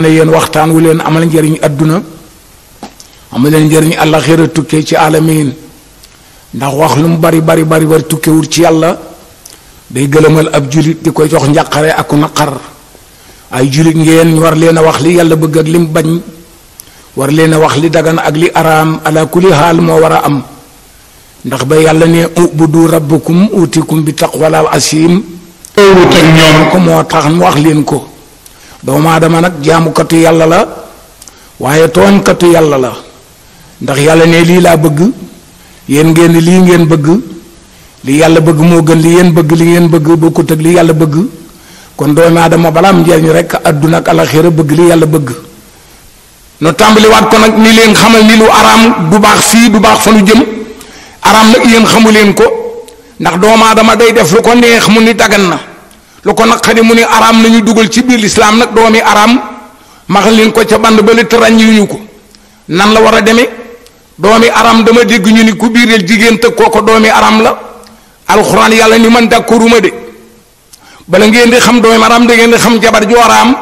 ne yéen waxtaan wu leen amal njëriñ adduna amal leen njëriñ àllaxira tukkee ci alamin ndax wax lu mu bari bari bari bari tukkewul ci yàlla day gëlëmal ab julit di koy jox njàqare ak naqar ay julit ngeen war leen a wax li yàlla bëgg ak lim bañ war leen a wax li dagan ak li araam ala kulli moo war a am ndax ba yàlla ne ubudu rabbukum utikum bi taqwala asim ko moo tax mu wax leen ko doomu aadama nag jaamukatu yàlla la waaye tooñkatu yàlla la ndax yàlla ne lii laa bëgg yéen ngeen lii ngeen bëgg li yàlla bëgg moo gën li yéen bëgg li ngeen bëgg bokkut ak li yàlla bëgg kon doomu aadama balaa am njariñ rek àdduna ak alaxira bëgg li yàlla bëgg noo tàmbaliwaat ko nag ni leen xamal ni lu araam du baax fii du baax fa jëm araam nag yéen xamu leen ko ndax doomu aadama day def lu ko neex mu ni dagan na lu ko naqari mu ne araam nañu dugal ci biir lislaam nag doomi araam maxalin ko ca band ba létt ràññiwuñu ko nan la war a demee doomi araam dama dégg ñu ni ku biireel jigéen te kooko doomi araam la alxuraan yàlla ni man d'accorduma de bala ngeen di xam doomi araam da ngeen di xam jabar ju araam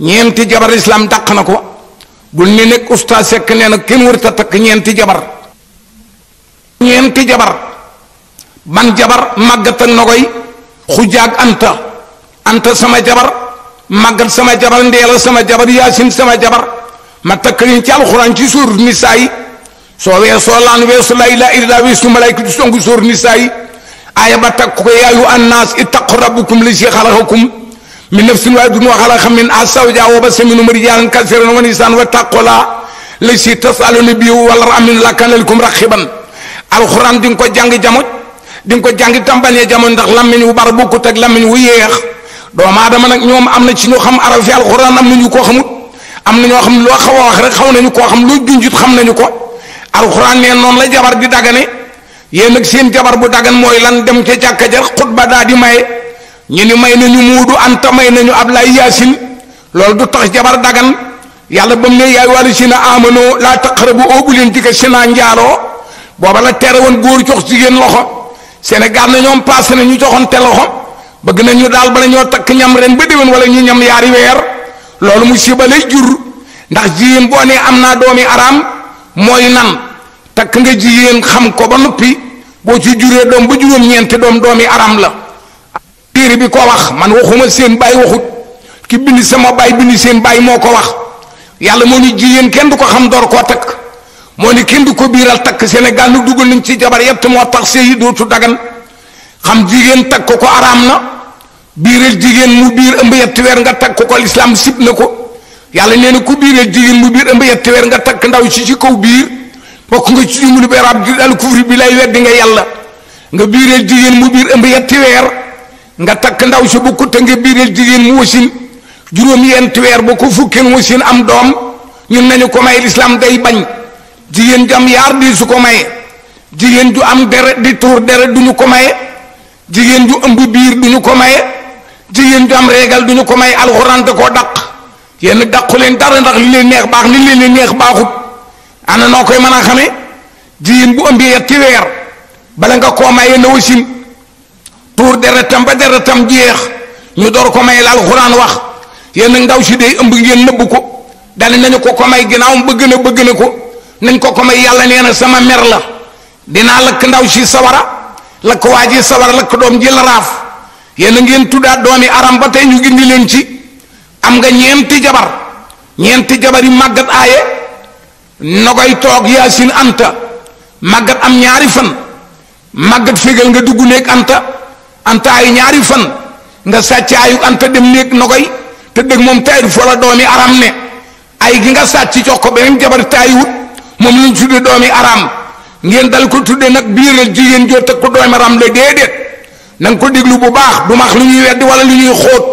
ñeenti jabar islam dàq na ko bu ni nekk oustaz sekk nee na kenn warut a takk ñeenti jabar ñeenti jabar ban jabar màggat ak na koy xujaag anta anta sama jabar màggat sama jabar ndeela sama jabar yaasin sama jabar ma takkaliñ ci alxuraan ci sóor nisaa yi soo weesoo laan weesu laa ilaaha illallaah weesu malaayka ci songu sóor nisaa yi aaya ba takk ko yaayu annaas ittaqu rabbakum li si xalaxakum min nafsin waahidin wa xalaqa minhaa zawjahaa wa bassa minhumaa rijaalan kasiiran wa nisaan wattaqullaaha li si tas'aluuna bihi wal arham innal laaha kaana lakum raqiiban alxuraan di ko jàng jamono di ko jàng tàmbalee jamono ndax lammiñ wu bar bokkut ak lammiñ wu yéex doomu aadama nag ñoom am na ci ñu xam araf yi alxuraan am na ñu koo xamut am na ñoo xam ne loo xaw a wax rek xaw nañu koo xam loo junjut xam nañu ko alxuraan nee noonu la jabar di dagane yéen nag seen jabar bu dagan mooy lan dem ca jàkka ja xutba daa di maye ñu ni may nañu muudu anta may nañu ablaay yaasin loolu du tax jabar dagan yàlla ba mu ne yaay wàllu si na amano laa taqrabu oo bu leen jege si naa njaaloo booba la tere woon góor jox jigéen loxo. Sénégal na ñoom passé na ñu joxoon te loxo bëgg nañu daal bala ñoo takk ñam ren ba déwén wala ñu ñam yaari weer loolu musiba lay jur ndax jigéen boo nee am naa doomi araam mooy nan takk nga jigéen xam ko ba noppi boo ci juree doom ba juróom-ñeenti doom doomi araam la. téere bi ko wax man waxuma seen baay waxut ki bind sama baay bind seen baay moo ko wax yàlla moo ñu jigéen kenn du ko xam door koo takk. moo ne kenn du ko biiral takk Sénégal na dugal nañ ci jabar yett moo tax sëy yi dootu dagan xam jigéen takk ko araam na biiral jigéen mu biir ëmb yetti nga takk ko lislaam sib na ko yàlla nee na ku biiral jigéen mu biir ëmb yetti weer nga takk ndaw si ci kaw biir bokk nga ci jumlu bi arab ji dal kufri bi lay weddi nga yàlla nga biiral jigéen mu biir ëmb yetti weer nga takk ndaw si bu ko te nga biiral jigéen mu wasin juróom yenti weer ba ko fukkeen wasin am doom ñun nañu ko may lislaam day bañ jigéen ju am yaar di su ko maye jigéen ju am deret di tuur deret duñu ñu ko maye jigéen ju ëmb biir du ñu ko maye jigéen ju am régal du ñu ko maye alxuraan da ko dàq yenn dàqu leen dara ndax li leen neex baax li leen neex baaxut ana noo koy mën a xamee jigéen bu ëmbee yetti weer bala nga koo maye na wasin tuur deretam ba deretam jeex ñu door ko maye la alxuraan wax yenn ndaw si day ëmb ngeen nëbb ko dane nañu ko ko may ginnaaw bëgg na bëgg na ko nañ ko ko may yàlla nee na sama mer la dinaa lakk ndaw si sawara lakk waa ji sawara lakk doom ji la raaf yéen a ngeen tuddaat doomi aram ba tey ñu gindi leen ci am nga ñeenti jabar ñeenti jabar yi màggat aaye nogoy toog yaasin anta màggat am ñaari fan màggat fégal nga dugg néeg anta anta ay ñaari fan nga sàcc ayu anta dem néeg nogoy te dëgg moom tayru fo la doomi aram ne ay gi nga sàcc jox beneen jabar taayiwut moom lañ tudde doomi aram ngeen dal ko tudde nag biiral jigéen joo teg ko doomi aram la déedéet na nga ko déglu bu baax du max lu ñuy weddi wala lu ñuy xóot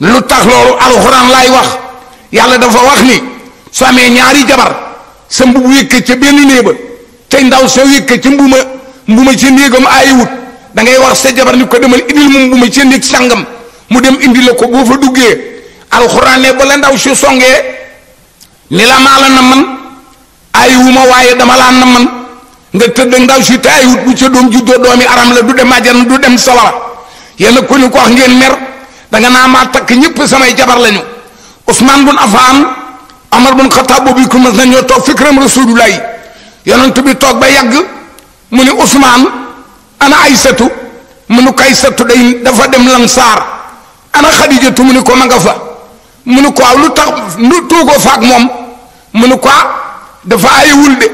lu tax loolu alxuraan laay wax yàlla dafa wax ni su amee ñaari jabar sa mbubb wékk ca benn néeba tey ndaw sa wékk ca mbuuma mbuma ca néegam aayewut da ngay wax sa jabar ni ko demal indil mu mbuma ca néeg sàngam mu dem indi la ko boo fa duggee alxuraan ne ba la ndaw si songee ni la maa la na man ay wu ma waaye dama laa na man nga tëdd ndaw si te ay wut bu ca doom juddoo doomi aram la du dem àjjana du dem sawara yéen ko wax ngeen mer danga naa maa takk ñëpp samay jabar lañu Ousmane bun Affan Omar bun Xataab boobu ku mas na ñoo toog fikram rasulullah yonent bi toog ba yàgg mu ni Ousmane ana Aysatu mu nu kay satu day dafa dem Lansaar ana Xadijatu mu ni ko ma fa mu ni ko lu tax nu tuugoo faak moom mu ni ko ah, dafa ayewul de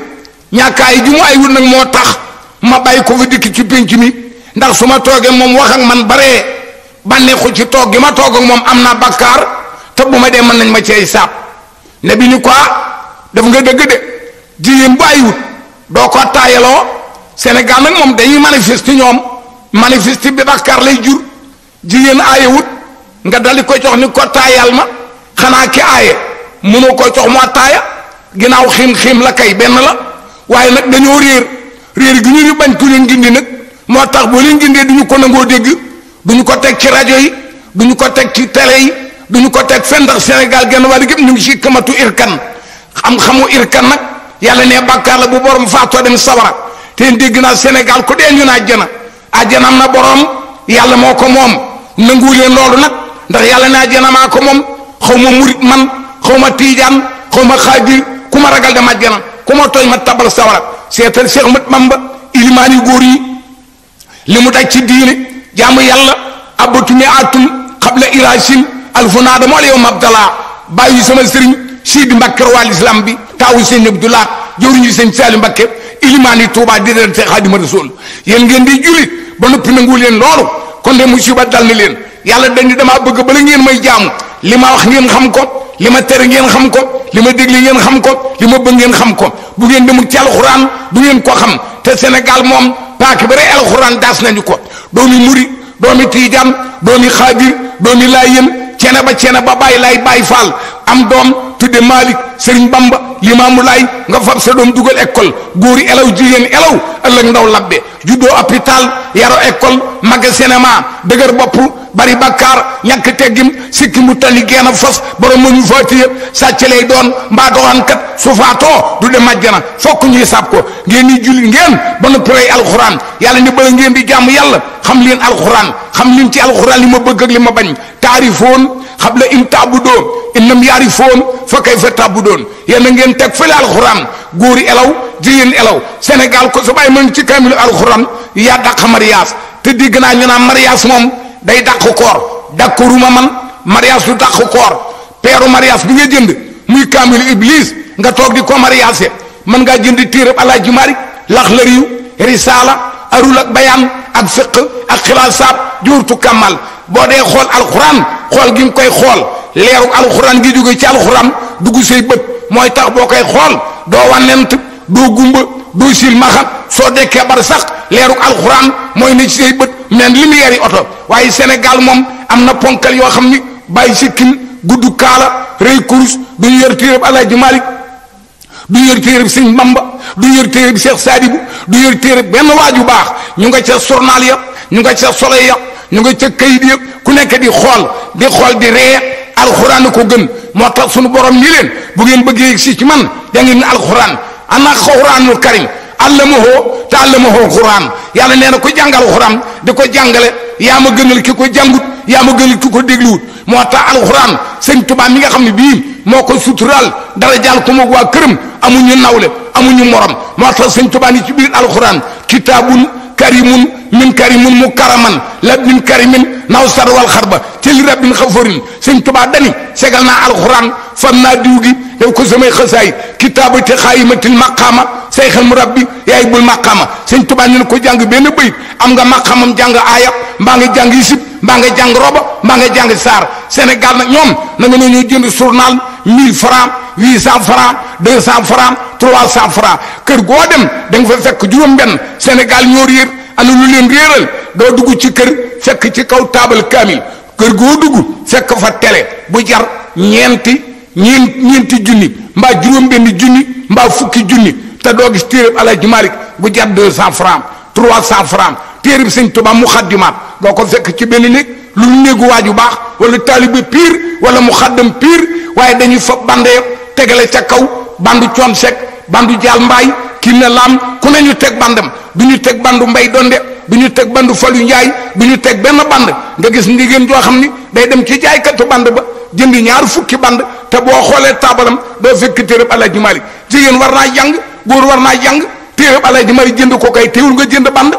ñàkk ay ji mu ayewul nag moo tax ma bàyyi ko fi dikk ci pénc mi ndax su ma toogee moom wax ak man baree bànneexu ci toog gi ma toog ak moom am naa bakkaar te bu ma dee mën nañ ma cey saab ne bi ñu quoi daf nga dëgg de jigéen bu wut doo ko taayaloo senegal nag moom dañuy manifeste ñoom manifeste bi bakkaar lay jur jigéen aayewut nga dali ko jox ni ko taayal ma xanaa ki aaye mënoo ko jox mu attaaya ginnaaw xiim xiim la kay benn la waaye nag dañoo réer réer gi ñu bañ ku leen gindi nag moo tax boo leen gindee du ñu ko nangoo dégg du ñu ko teg ci rajo yi du ñu ko teg ci télé yi du ñu ko teg fenn ndax Sénégal genn wàll gépp ñu ngi ci kamatu irkan xam-xamu kan nag yàlla ne bàkkaar la bu borom faatoo dem sawara te dégg naa Sénégal ku dee ñu ne àjjana àjjana am na borom yàlla moo ko moom nanguwu leen loolu nag ndax yàlla ne àjjana maa ko moom xaw ma man xaw ma tiijaan xaw ma ku ma ragal dama jana ku ma tooñ ma tabal sawara seetal Cheikh Mat Mamba ilimaan yu góor yi li mu daj ci diine jaamu yàlla abatumi atum xabla irachin alfunaada moo la yow mabdala bàyyi sama sëriñ Sidi Mbakke wal islam bi taawu seen Abdullah jëwriñu seen Saali Mbakke ilimaan yi Tuubaa di leen Seex Xaadimu Rasuul yéen ngeen di jullit ba noppi nangu leen loolu kon de musiba dal na leen yàlla dañ ni damaa bëgg bala ngeen may jaamu li ma wax ngeen xam ko li ma tere ngeen xam ko li ma dégli ngeen xam ko li ma bëgg xam ko bu ngeen demul ci alxuraan du ngeen ko xam te Sénégal moom paak bare alxuraan daas nañu ko doomi muri doomi tiijaan doomi xaadir doomi laayeen cene ba cene ba bàyyi laay bàyyi faal am doom tudde Malick Serigne Bamba limaamu laay nga fab sa doom dugal école góori elaw jigéen elaw ëllëg ndaw labbe juddoo hôpital yaro école magge cinéma dëgër bopp bari bakkaar ñàkk teggim sikki tali geen a fos borom ma ñu faatiya sàcc lay doon mbaa doxankat su faatoo du dem àjjana fokk ñuy sàpp ko ngeen ni julli ngeen ba nu prey alxuraan yàlla ni bala ngeen di jàmm yàlla xam leen alxuraan xam leen ci alxuraan li ma bëgg ak li ma bañ taarifoon xabla in taabudoon innam yaarifoon fa kayfa taabudoon yéen a teg fële alxuraan góor yi elaw jigéen elaw Sénégal ko su bàyyi mën ci kaamilu alxuraan yaa dàq mariage te dégg naa ñu naan mariage moom day dàq koor dàquruma man mariage du dàq koor peeru mariage bi nga jënd muy kaamilu iblis nga toog di ko mariage mën ngaa jënd téereb Alaaji Maalik lax lëriyu risaala arul ak bayaan ak fiq ak xilaas saab juurtu kamal boo dee xool alxuraan xool gi nga koy xool leeru alxuraan gi jóge ci alxuraan dugg say bët mooy tax boo koy xool doo wànnent doo gumba doo silmaxa soo dekkee bar sax leeru alxuraan mooy ne ci say bët mel li mu yari oto waaye Sénégal moom am na ponkal yoo xam ni bàyyi sikkim gudd kaala rëy kurus duñu yor téereb Alaaji Malik duñu yor téereb Sëñ Bamba duñu yor téereb Seex Saadibu duñu yor téereb benn waaju baax ñu nga ca journal ya ñu nga ca soleil ya ñu nga ca kayit yëpp ku nekk di xool di xool di ree alxuraan ko gën moo tax sunu borom ñi leen bu ngeen bëggee si ci man da ngeen alxuraan ana xuraanul karim allamahu te allamahu xuraan yàlla nee na ku jàngal xuraan di ko jàngale yaa ma gënal ki ko jàngut yaa ma gënal ki ko dégluwut moo tax alxuraan sëñ Tuubaa mi nga xam ne bii moo ko suturaal dara jàll ko moog waa naw amuñu nawle amuñu morom moo tax sëñ Tuubaa ni ci biir alxuraan kitaabun karimun min karimin mu karaman la min karimin naw sar wal xarba ci li rabbin xaforin sëñ tubaa dani segal naa alxuraan fam naa diw gi def ko samay xasaay kitaabu te xaayimatil maqaama say xel mu rabbi yaay bul maqaama sëñ tubaa ne ko jàng benn bëyit am nga maqaamam jàng aayab mbaa nga jàng isib mbaa nga jàng roba mbaa nga jàng saar Sénégal na ñoom na nga ne ñoo jënd journal 1000 francs 800 francs 200 francs 300 kër goo dem da nga fa fekk juróom benn Sénégal ñoo réer ana lu leen réeral doo dugg ci kër fekk ci kaw taabal kaamil kër goo dugg fekk fa tele bu jar ñeenti ñeen ñeenti junni mbaa juróom-benn junni mbaa fukki junni te doo gis téereb Alaaji Malik bu jar deux cent francs trois cent francs téereb Sëñ Tuubaa muxaddimaat doo ko fekk ci benn néeg lu néegu waaju baax wala taalibe piir wala mu xaddam piir waaye dañuy fa bande tegale ca kaw bandu coon sek bandu jaal mbaay kiim ne laam ku ne ñu teg bandam du ñu teg bandu mbay donde bu ñu teg bandu falu njaay du ñu teg benn band nga gis ndigéen joo xam ni day dem ci jaaykatu band ba jënd ñaar fukki band te boo xoolee taabalam doo fekk téereb Alaaji Maalik jigéen war naa jàng góor war naa jàng téereb Alaaji Maalik jënd ko kay téewul nga jënd band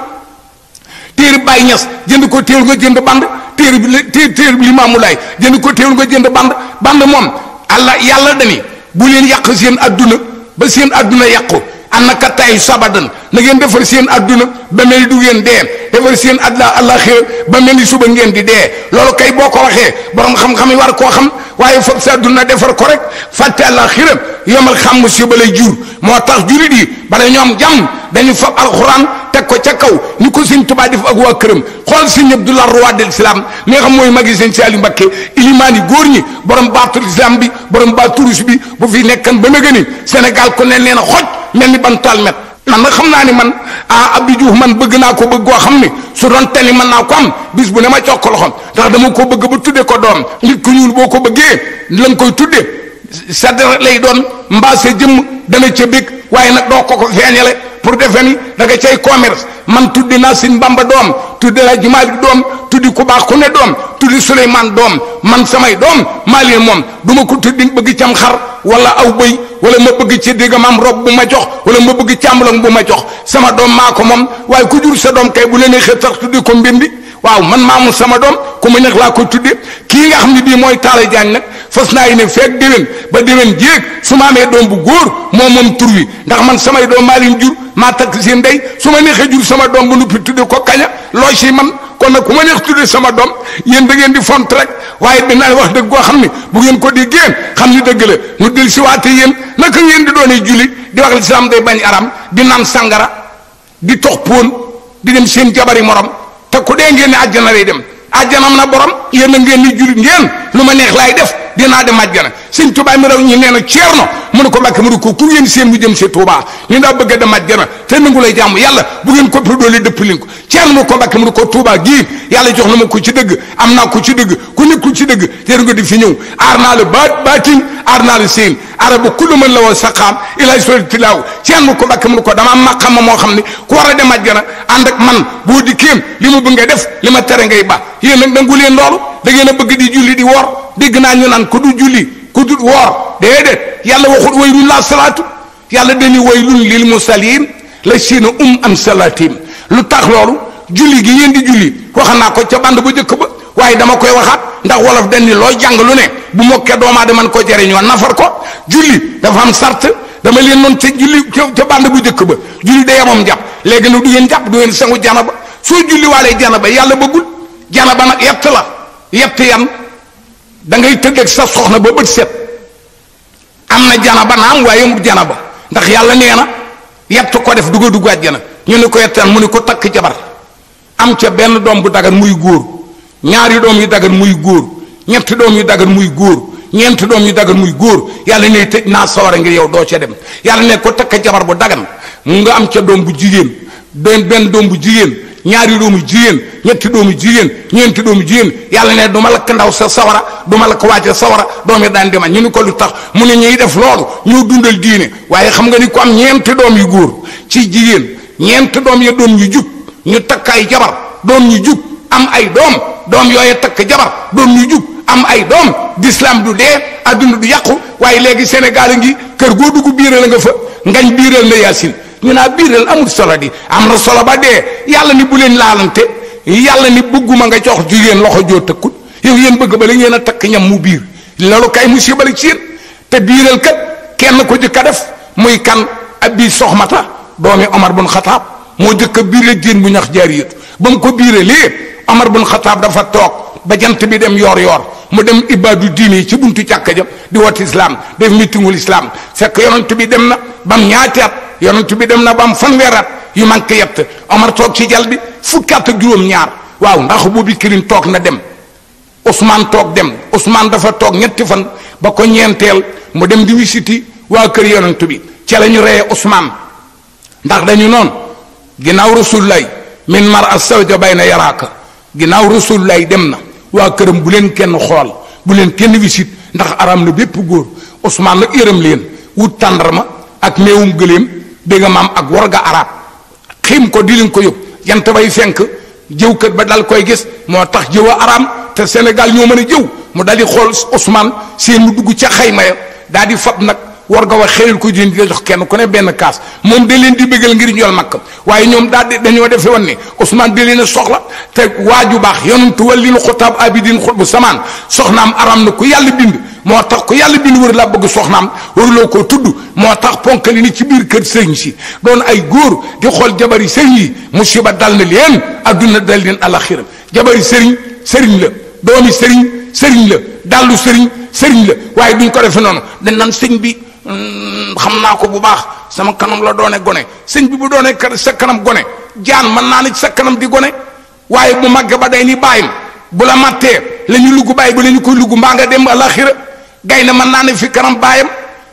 téereb Baay Ñas jënd ko téewul nga jënd band téereb téereb Limaamu Laay jënd ko téewul nga jënd band band moom allah yàlla dani bu leen yàq seen adduna ba seen adduna yàqu annaka tay sabadan na ngeen defar seen adduna ba mel ni du ngeen dee defar seen adla àllaxira ba mel ni suba ngeen di dee loolu kay boo ko waxee borom xam-xam yi war koo xam waaye foog sa adduna defar ko rek fàtte àllaxira yomal xam si lay jur moo tax julit yi bala ñoom jàmm dañu fab alxuraan teg ko ca kaw ni ko sëñ Tuubaa def ak waa këram xool sëñ Abdullah roi de l'islam mi nga xam mooy magi sëñ Saaliu Mbakke ilimaan yi ñi borom baatul islam bi borom baaturus bi bu fi nekkan ba nëgëni Sénégal ku ne leen xoj mel ni ban talmet man nag xam naa ni man ah Abdou Diouf man bëgg naa ko bëgg koo xam ni su doon teni mën naa ko am bis bu ne ma jox ko loxoom ndax dama ko bëgg ba tudde ko doom nit ku ñuul boo ko bëggee lan koy tudde sa deret lay doon mbaa sa jëmm dana ca bég waaye nag doo ko ko feeñale pour defe ni da nga cay commerce man tudd naa Sëñ Bamba doom tuddi naa Jumaa bi doom tuddi ku baax ku ne doom tuddi Suleymaan doom man samay doom maa leen moom du ma ko tuddi bëgg cam xar wala aw bëy wala ma bëgg ci digga maam rob bu ma jox wala ma bëgg càmbaloŋ bu ma jox sama doom maa ko moom waaye ku jur sa doom kay bu leen xët sax tuddi ko mbindi waaw man maamu sama doom ku ma laa ko tuddi kii xam ne bii mooy Talla Diagne nag fas naa yi ne feeg déwén ba déwén jéeg su ma amee doom bu góor moo moom tur wi ndax man samay doom maa leen jur maa takk seen ndey su ma neexee jur sama doom bu nuppi tudde ko kaña loo si man kon nag ku ma neex tudde sama doom yéen da ngeen di font rek waaye dinaa wax dëgg goo xam ne bu ngeen di déggee xam ni dëgg la mu del si waate yéen naka ngeen di doonee jullit di wax lislaam day bañ aram di naan sangara di tox póon di dem seen jabari morom te ku dee ngeen ne àjjana lay dem àjjanam na borom yéen a ngeen ni jullit ngeen lu ma neex laay def dinaa dem àjjana sëñ Tuubaa mi raw ñi nee na no mu ko Mbàkke mu ko ku ngeen seen mu jëm si Touba ñu daa bëgg a demaat te nangu lay jàmm yàlla bu ngeen ko doole dëpp leen ko ceer mu ko Mbàkke mu ko Touba gii yàlla jox na ma ko ci dëgg am na ko ci dëgg ku nekkul ci dëgg yéen nga di fi ñëw aar naa la baat baatin aar naa la seen araba kullu mën la woon saqaam ilay soli tilaaw ceer mu ko Mbàkke mu ko dama am ma moo xam ne ku war a demaat jana ànd ak man boo di kéem li ma bëgg ngay def li ma tere ngay ba yéen nag nangu leen loolu da ngeen bëgg di julli dégg naa ñu naan ko du julli ku dul woor de yàlla waxut waylun laa salaatu yàlla de lu waylun lil musallin la siina um am salaatim lu tax loolu julli gi ngeen di julli wax naa ko ca band bu njëkk ba waaye dama koy waxaat ndax wolof dañ ni looy ne bu mokkee doomaa de man ko jëriñoo nafar ko julli dafa am sart dama leen noonu ca julli ca band bu njëkk ba julli day amoon jàpp léegi nag du ngeen jàpp du ngeen sangu jana ba soo julli waalee jana ba yàlla bëggul jana ba nag yett la yett yan da ngay tëdd ak sa soxna ba bët set am na jana ba naam waaye mu jana ba ndax yàlla nee na yett ko def dugga dugg àjjana ñu ne ko yettaan mu ne ko takk jabar am ca benn doom bu dagan muy góor ñaari doom yu dagan muy góor ñetti doom yu dagan muy góor ñeenti doom yu dagan muy góor yàlla ne tëj naa sawara ngir yow doo ca dem yàlla ne ko takk jabar bu dagan mu nga am ca doom bu jigéen doon benn doom bu jigéen ñaari doomu jigéen ñetti doomu jigéen ñeenti doomu jigéen yàlla ne du lakk ndaw sa sawara du ma lakk wàcce sawara doom yi daan demal ñu ni ko lu tax mu ne ñuy def loolu ñu dundal diine waaye xam nga ni ku am ñeenti doom yu góor ci jigéen ñeenti doom ya doom ñu jub ñu takk ay jabar doom ñu jub am ay doom doom yooyu takk jabar doom ñu jub am ay doom d'islam du dee adduna du yàqu waaye léegi Sénégal a ngi kër goo dugg biiral nga fa ngañ biiral na yaasin ñu naa biiral amul solo di am na solo ba dee yàlla ni bu leen laalante yàlla ni bëgguma nga jox jigéen loxo joo tëkkut yow yéen bëgg ba la ngeen a takk ñam mu biir loolu kay musiba la ci yéen te biiral kat kenn ko jëkk a def muy kan abi soxmata doomi omar bun xataab moo jëkk a biiral jigéen bu ñax jaariyatu ba mu ko biiralee omar bun xataab dafa toog ba jant bi dem yoor yoor mu dem ibaadu diine yi ci buntu càkk ja di wat islam def mitingul islam fekk yonent dem na bam ñaati yonent bi dem na ba am fanweeraat yu manqué yett Omar toog ci jal bi fukki at juróom-ñaar waaw ndax boobu kirim toog na dem Ousmane toog dem Ousmane dafa toog ñetti fan ba ko ñeenteel mu dem di wisiti waa kër yonent bi ci la ñu reyee Ousmane ndax dañu noon ginnaaw rasulullah min mar as sawja bay na yaraaka ginnaaw rasulullah dem na waa këram bu leen kenn xool bu leen kenn wisit ndax aram na bépp góor Ousmane la yërëm leen wut tàndarma ak meewum gëléem dégg nga maam ak warga arab xiim ko di leen ko yóbbu jant bay fenk jëwkat ba dal koy gis moo tax jëw araam te Sénégal ñoo mën a jëw mu dal di xool Ousmane seen mu dugg ca xayma ya daal di fab nag war nga wax xelil ko jën di la jox kenn ku ne benn kaas moom da leen di bëggal ngir ñool makk waaye ñoom daal di dañoo defe woon ne Ousmane da leen a soxla te waaju baax yonent walil xutaab abidin xut bu samaan soxnaam aram na ku yàlla bind moo tax ku yàlla bind wër laa bëgg soxnaam waruloo koo tudd moo tax ponkali ni ci biir kër sëriñ si doon ay góor di xool jabari sëriñ yi musiba dal na leen adduna dal leen alaxira jabari sëriñ sëriñ la doomi sëriñ sëriñ la dallu sëriñ sëriñ la waaye duñ ko defe noonu dañ naan sëñ bi Mm, xam naa ko bu baax sama kanam la doone gone sëñ bi bu doone sa kanam gone jaan mën naa ne sa kanam di gone waaye bu màgg ba day ni bàyyim bu la màttee la ñu lugg bàyyi bu la ñu koy lugg mbaa nga dem alaxira gaynde mën naa ne fi kanam baayam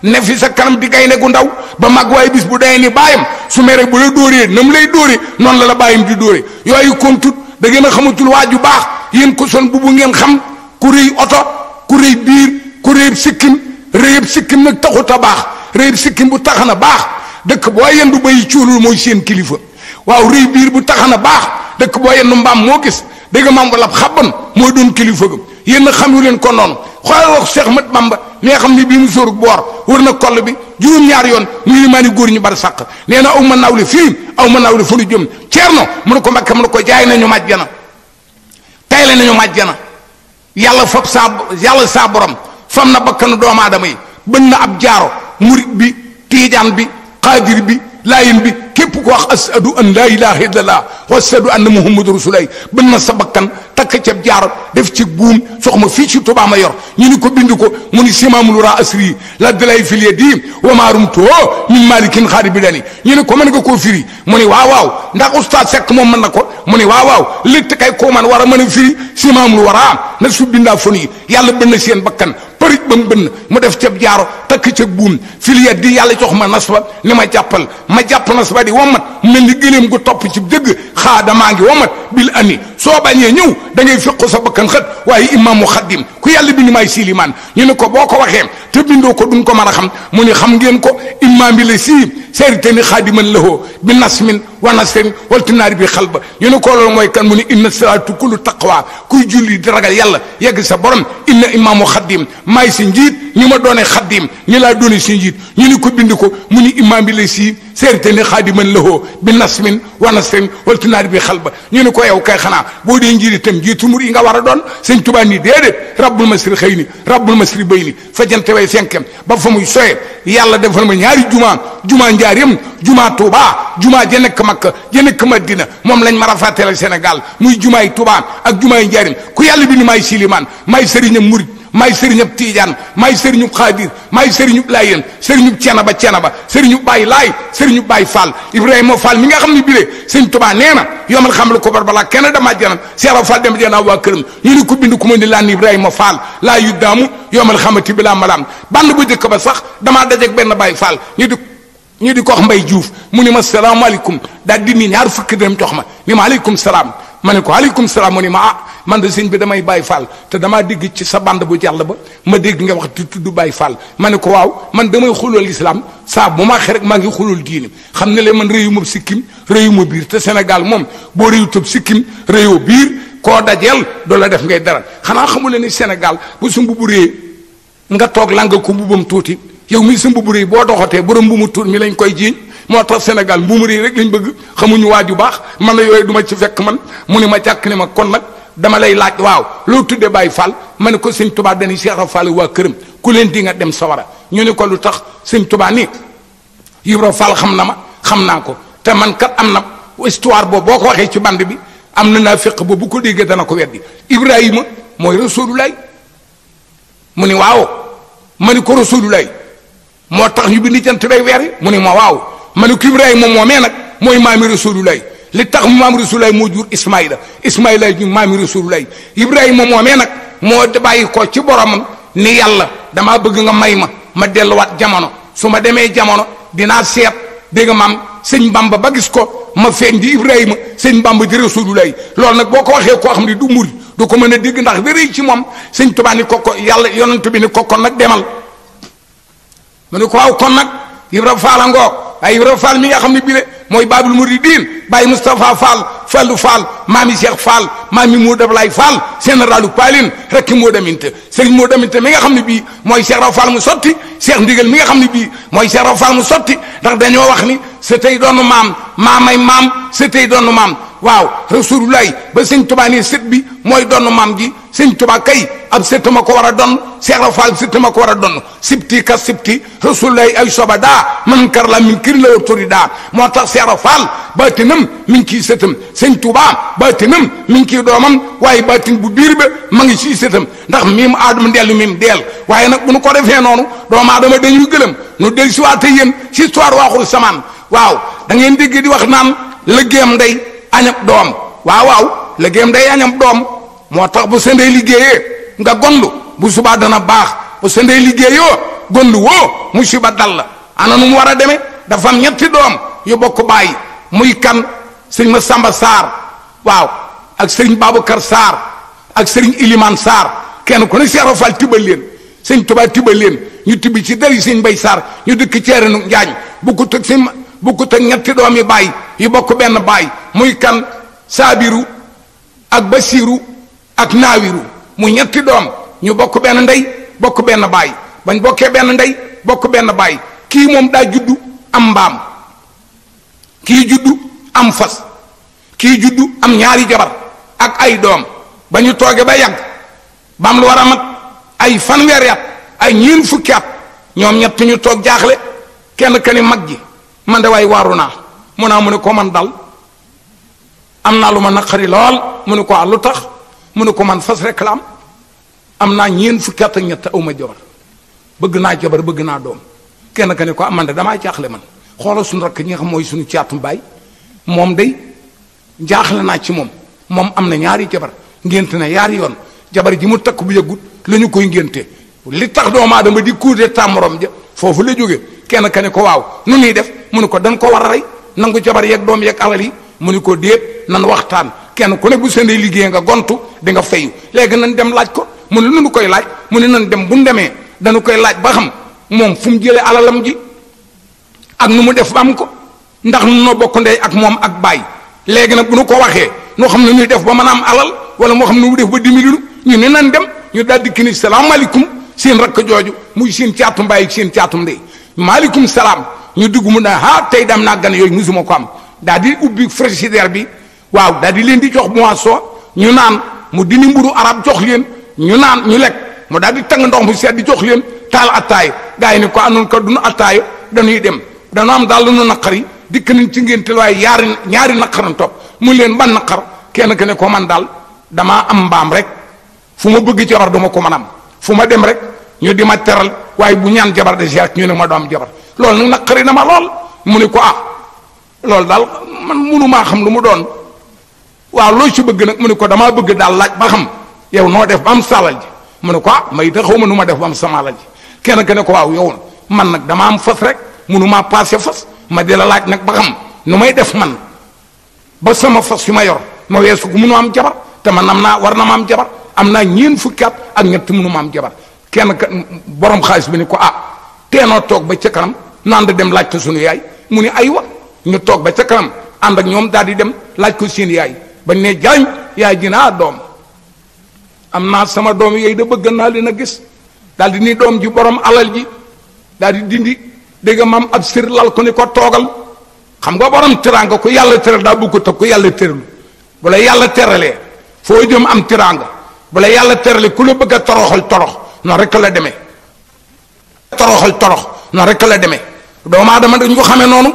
ne fi sa kanam di gaynde gu ndaw ba màgg waaye bis bu day ni baayam su mere bu la dóoree na lay dóoree noonu la la bàyyam di dóoree yooyu kontut da ngeen a xamatul waa ju baax yéen ko son bu bu ngeen xam ku oto ku rëy biir réyëb sikkim nag taxut a baax réyëb sikkim bu taxana baax dëkk boo yendu bay cuulul mooy seen kilifa waaw réy biir bu taxana baax dëkk boo yendu mbaam moo gis dégg maam wala xabban mooy doon kilifa gam yéen xam yu leen ko noonu xoolal wax Cheikh Mat Bamba mi nga xam ne bii mu sóoru boor wër na koll bi juróom-ñaar yoon muy limaani góor ñu bar sàq nee na aw ma nawle fii aw ma nawle fu nu jëm ceerno mu ne ko mbakke mu ne ko jaay nañu màjjana tay la nañu yàlla fab saa yàlla borom fam na bakkanu doomu aadama yi bën na ab jaaro murit bi tiijaan bi xaadir bi laayin bi képp ko wax ashadu an laa ilaha illallah wa ashadu anna muhammadu rasulullah bën na sa bakkan takk ca jaar def ci buum soxma fii ci Tuubaa ma yor ñu ni ko bind ko mu ni simaamul wara asri la dalay filie di wamaarum too min malikin xaari bi dani ñu ni ko mën nga ko firi mu ni waaw waaw ndax oustaz Seck moom man na ko mu ni waaw waaw létt kay koo man war a mën a firi simaamul wara na su bindaa fon yi yàlla bënn seen bakkan përit ba mu bënn mu def ca jaaro takk ca buum filiet di yàlla jox ma nas ba li ma jàppal ma jàpp nas ba di wamat mel ni gëléem gu topp ci dëgg xaada maa ngi wamat bil ani soo bañee ñëw da ngay fekk sa bakkan waaye imaamu xaddim ku yàlla bi bind maay siilimaan ñu ne ko boo ko waxee te bindoo ko duñ ko mën a xam mu ne xam ngeen ko imaam bi la siib seeritani xaadiman lahoo bi nasmin wa nasrin walti naari bi xal ba ñu ne ko loolu mooy kan mu ne inna salaatu kullu taqwa kuy julli di ragal yàlla yegg sa borom inna imaamu xaddim maay si njiit ñi ma doone xaddim ñi laa doone si njiit ñu ne ko bind ko mu ni imaam bi la sii seeritani xaadiman lahoo bi nasmin wa nasrin walti naari bi xal ba ñu ne ko yow kay xanaa boo dee njiit itam njiitu mur yi nga war a doon sëñ tubaa nii déedéet rabbul masri xëy ni rabbul masri bay ni fajante way fenkem ba fa muy soye yàlla defal ma ñaari jumaa juma njaarim juma Touba jumaa ja nekk Makka ja nekk Madina moom lañ mar a fàttalal Sénégal muy jumaay Touba ak jumaay njaarim ku yàlla bi ni maay silimaan maay sëriñam murit maay sëriñub Tiijaan maay sëriñub Xaadir maay sëriñub Laayeen sëriñub Cenaba Cenaba sëriñub Baay Laay sëriñub Baay Fall Ibrahima Fall mi nga xam ne bile sëñ Tuubaa nee na yomal xam la ko bar balaa kenn damaa janam Seera Fall dem janaa waa këram ñu ni ko bind ku ma ni laan Ibrahima Fall laa yu daamu yomal xamati bi laa malaam band bu jëkk ba sax damaa dajeeg benn Baay Fall ñu di ñu di ko wax mbay juuf mu ni ma salaamaaleykum daal di ni ñaar fukki dem jox ma ni ma aleykum salaam ma ne ko aleykum salaam mu ni ma ah man de sëñ bi damay bàyyi faal te damaa dégg ci sa bande bu jàll ba ma dégg nga wax di tudd bàyyi fall ma ne ko waaw man damay xulóol islam saa bu ma xee rek maa ngi xulóol diine xam ne leen man réew ma sikkim réew ma biir te senegal moom boo réew tëb sikkim réew biir koo dajeel doo la def ngay dara xanaa xamu leen ni Sénégal bu su mbubu réew nga toog langa ko mbubam tuuti yow mi sa mbubu rëy boo doxatee borom mbumu tur mi lañ koy jiiñ moo tax Sénégal mbumu rëy rek lañ bëgg xamuñu waa ju baax man na yooyu duma ci fekk man mu ne ma jàkk ni ma kon nag dama lay laaj waaw loo tuddee bàyyi Fall ma ne ko sëñ Touba dañuy Cheikh Ibra Fall waa këram ku leen di nga dem sawara ñu ne ko lu tax sëñ ni Ibra Fall xam na ma xam naa ko te man kat am na histoire boobu boo ko waxee ci band bi am na naa féq ba bu ko déggee dana ko weddi Ibrahima mooy Rasulullah mu ni waaw ma ni ko lay moo tax ñu bind jant beeg weer yi mu ne ma waaw ma ne Kibraay moom moo mee nag mooy maami Rasulullah li tax maami Rasulullah moo jur Ismaïla Ismaïla ñu maami Rasulullah Ibrahima moo mee nag moo bàyyi ko ci boromam ni yàlla damaa bëgg nga may ma ma delluwaat jamono su ma demee jamono dinaa seet dégg nga maam sëñ Bamba ba gis ko ma feeñ di Ibrahima sëñ Bamba di Rasulullah loolu nag boo ko waxee ko xam ne du muri du ko mën a dégg ndax wéree ci moom sëñ Tuubaa ni ko yàlla yonent bi ni ko ko nag demal. ma ne ko waaw kon nag Ibra Faal a ngoog waaye Ibra Faal mi nga xam ne bile mooy baabul muridiin Baye Moustapha Fall Fallu Fall maami Cheikh Fall maami Modou Ablaye Fall généralu Paalin rek moo daminte Serigne moo daminte mi nga xam ne bii mooy Cheikh Raw Fall mu sotti Cheikh Ndigal mi nga xam ne bii mooy Cheikh Raw Fall mu sotti ndax dañoo wax ni sa tey doonu maam maamay maam sa tey doonu maam waaw rasulullah ba sëñ tubaa ne bi mooy donn maam ji sëñ tubaa kay ab sëttama ko war a donn Seex Ibra Faal sëttama ko war a donn sibti ka sibti rasulullah ay soba daa man kar la min kir la tori daa moo tax Seex Ibra Faal baatinam mi ngi ciy sëtam sëñ tubaa baatinam mi ngi ciy doomam waaye baatin bu biir ba ma ngi ciy sëtam ndax miim aadama dellu miim deel waaye nag bu nu ko defee noonu doomu aadama dañuy gëlëm nu del si waate yéen si histoire waaxul samaan waaw da ngeen dégg di wax naan lëggéeyam ndey añab doom waaw waaw liggéeyam day añam doom moo tax bu sa ndey nga gondu bu subaa dana baax bu sa ndey liggéeyoo gondu woo musiba dal la ana nu mu war a demee dafa am ñetti doom yu bokk bàyyi muy kan sëñ ma samba saar waaw ak sëriñ kar saar ak sëriñ iliman saar kenn ku ne seero fal tibal leen sëñ tubaa tibal leen ñu tibbi ci dari sëñ bay saar ñu dëkk ceerenu njaañ bu ko tëg sëñ bokkut ak ñetti doom yi baay yi bokk benn baay muy kan saabiru ak basiiru ak naawiru muy ñetti doom ñu bokk benn ndey bokk benn baay bañ bokkee benn ndey bokk benn baay kii moom daa juddu am mbaam kii juddu am fas kii juddu am ñaari jabar ak ay doom bañu tooge ba yàgg bam lu war a mat ay fanweeri at ay ñeen fukki at ñoom ñett ñu toog jaaxle kenn ka mag ji man de waay waaru naa mu naa mu ne ko man dal am naa lu ma naqari lool mu ne ko ah lu tax mu ne ko man fas rek la am naa ñeen fukki at ñett awma jabar bëgg naa jabar bëgg naa doom kenn ka ne ko ah man de damaa jaaxle man xoolal suñu rakk ñi nga mooy suñu caatum baay moom day jaaxle naa ci moom moom am na ñaari jabar ngént na yaari yoon jabar ji mu takk bu yëggut la koy ngénte li tax doomu aadama di kuute tàmmorom ja foofu la jóge kenn ka ne ko waaw nu ñuy def mu ne ko dañ ko war a rey nangu jabar yeeg doom yeeg alal yi mu ne ko déet nan waxtaan kenn ku ne bu seen liggéey nga gontu di nga fayu léegi nan dem laaj ko mu ne nu koy laaj mu ne nan dem bu ñu demee dañu koy laaj ba xam moom fu mu jëlee alalam ji ak nu mu def ba am ko ndax nu noo bokk ndey ak moom ak baay léegi nag bu nu ko waxee noo xam ne ñuy def ba mën a am alal wala moo xam ne mu def ba dimilinu ñu ne nan dem ñu daal di kini salaamaaleykum seen rakk jooju muy seen caatum mbaay seen caatum ndey maaleykum salaam ñu dugg mu ne ah tey dam naa gan yooyu musuma ko am daal di ubbi frigidaire bi waaw daal di leen di jox boisson ñu naan mu dindi mburu arab jox leen ñu naan ñu lekk mu daal di tàng ndox mu seet di jox leen taal attaay gars yi ne ko anoon ko duñu attaay dañuy dem dañu am daal lu naqari dikk nañ ci ngeen tel waaye yaari ñaari naqaran topp mu leen ban naqar kenn ku ne ko man daal damaa am mbaam rek fu ma bëgg ci du ma ko man am fu ma dem rek. ñu di ma teral waaye bu ñaan jabar de ziar ñu ne ma doom jabar lool nag nag xëri na ma lool mu ne ko ah loolu daal man munu maa xam lu mu doon waaw loo ci bëgg nag mu ne ko damaa bëgg daal laaj ba xam yow noo def ba am mu ne ko ah, may da xaw ma def ba am samalal ji kenn ke ne ko waaw yow man nag dama am fas rek munu maa passé fas ma di laaj nag ba xam nu may def man ba sama fas yu ma yor ma weesu ko munu am jabar te man am naa war na ma am jabar am naa ñeen fukki at ak ñett munu ma jabar kenn ka borom xaalis bi ni ko ah teenoo toog ba ca kanam dem laaj ko sunu yaay mu ni aywa ñu toog ba ca kanam ànd ak ñoom daal di dem laaj ko seen yaay bañ ne jaañ yaay ji naa doom am naa sama doom yooyu da bëgg naa leen a gis daal di ni doom ji borom alal ji daal di dindi dégg mam maam ab sir lal ko ni ko toogal xam nga borom teraanga ku yàlla teral daa bëgg ko teg ku yàlla teralu bu la yàlla teralee foo jëm am teraanga bu la yàlla teralee ku la bëgg a toroxal non rekk la demee toroxal torox non rek la demee doomu aadama dañ ko xamee noonu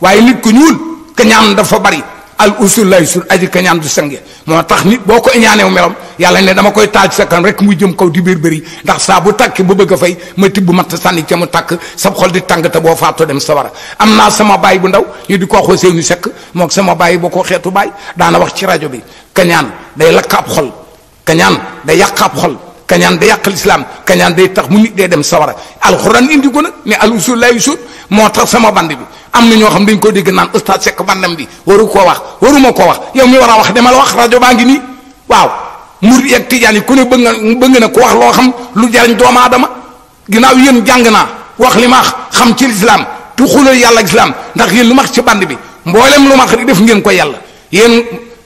waaye nit ku ñuul kañaan dafa bari al usul lay sul aj kañaan du sange moo tax nit boo ko iñaaneew melam yàlla ne dama koy taaj sa kan rek mu jëm kaw di biir bëri ndax saa bu tàkki bu bëgg a fay ma tibb matt sànni ca mu tàkk sab xol di tàng te boo faatoo dem sawara am naa sama baay bu ndaw ñu di ko wax Ousseynou Seck moog sama baay boo ko xeetu baay daana wax ci rajo bi kañaan day lakk ab xol kañaan day yàq ab kañaan day yàq lislaam kañaan day tax mu nit dee dem sawara alxuraan indi ko nag ne al usul lay usul moo tax sama band bi am na ñoo xam dañ ko dégg naan ustaad sekk bandam bi waru koo wax waruma ko wax yow mi war a wax demal wax rajo baa ngi nii waaw murid ak tijaan yi ku ne bëgg nga bëgg na ko wax loo xam lu jariñ doomu aadama ginnaaw yéen jàng naa wax li ma xam ci lislaam tu xulal yàlla ak lislaam ndax yéen lu max ci band bi mboolem lu max rek def ngeen ko yàlla yéen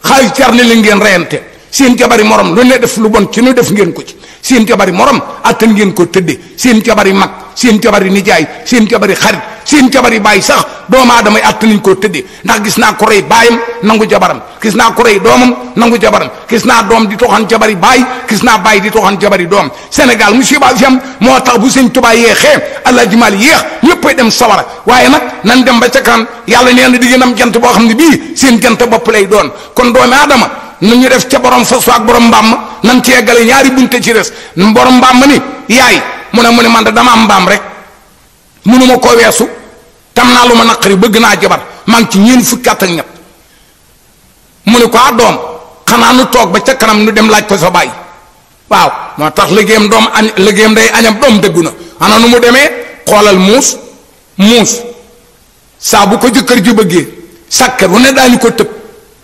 xaalis car ne li ngeen reyante seen jabari morom lu ne def lu bon ci nu def ngeen ko ci seen jabari morom attan ngeen ko tëdde seen jabari mag seen jabari nijaay seen jabari xarit seen jabari baay sax doomu aadama yi attan nañ koo tëdde ndax gis naa ko rey baayam nangu jabaram gis naa ko rey doomam nangu jabaram gis naa doom di toxan jabari baay gis naa baay di toxan jabari doom Sénégal monsieur ba fiam moo tax bu sëñ Tuubaa yeexee allah jimal yéex ñëppay dem sawara waaye nag nan dem ba ca yàlla nee na di ngeen jant boo xam ne bii seen jant bopp lay doon kon nu ñu def ca borom fas ak borom mbaam nan ci yeggale ñaari bunte ci des borom mbaam ni yaay mu ne mu ne man dama am mbaam rek mënuma koo weesu tam naa lu ma naqari bëgg naa jabar maa ngi ci ñeen fukki at ak mu ne ko a ah, doom xanaa nu toog ba ca kanam nu dem laaj ko sa baay waaw moo tax liggéeyam doom añ liggéeyam day añam doom dëggu na ana nu mu demee xoolal muus muus saa bu ko jëkkër ji bëggee sàkke ru ne ñu ko tëb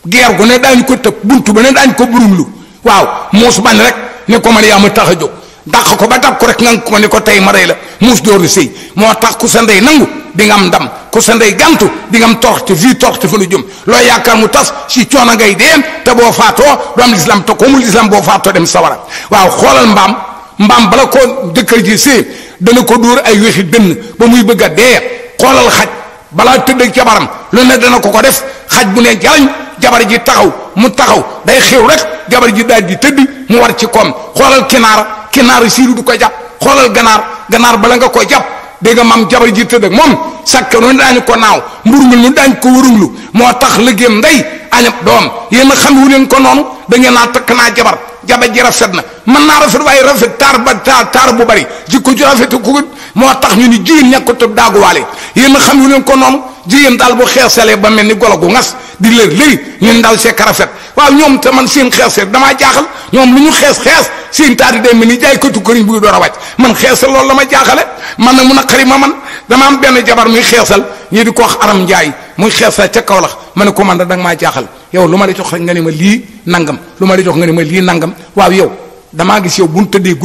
geer gu ne daañu ko tëb buntu ba ne daañu ko burumlu waaw muus bañ rek ne ko man yaa ma tax a jóg dàq ko ba dab ko rek nga ko ne ko tey ma rey la muus door na sëy moo tax ku sa ndey nangu di nga am ndam ku sa ndey gantu di nga am toroxte fii toroxte fa nu jëm looy yaakaar mu tas si coono ngay deem te boo faatoo du am lislam te ko mu lislam boo faatoo dem sawara waaw xoolal mbaam mbaam bala ko dëkkal ji sëy dana ko dóor ay wexi dënn ba muy bëgg a dee xoolal xaj balaa tëdd jabaram lu ne dana ko ko def xaj bu ne jalañ jabar ji taxaw mu taxaw day xew rek jabar ji daal di tëdd mu war ci koom xoolal kinaara kinaara siiru du ko jàpp xoolal ganaar ganaar bala nga ko jàpp dégg nga maam jabar ji tëdd moom sàkk nu daañu ko naaw mburu lu daañu ko wërunglu moo tax liggéeyam ndey añab doom yéen xam wu leen ko noonu da ngeen naa takk naa jabar jaba ji rafet na mën naa rafet waaye rafet taar ba taar taar bu bari jikko ju rafet ku moo tax ñu ni jigéen ñàkkutub daaguwaale yéen xam yu leen ko noonu jigéen daal bu xeesalee ba mel ni golo gu ngas di lër lëri ñun daal c'est rafet waaw ñoom te man seen xeesal damaa jaaxal ñoom lu ñu xees xees seen taari day mel ni jaay këtu këriñ buy door a wàcc man xeesal loolu la ma jaaxale man na mun a xari ma man dama am benn jabar muy xeesal ñii ko wax aram njaay muy xeesal ca kaw lax ma ne ko man da nga ma jaaxal yow lu ma la jox nga ne ma lii nangam lu ma la jox nga ne ma lii nangam waaw yow damaa gis yow bu ñu tëddee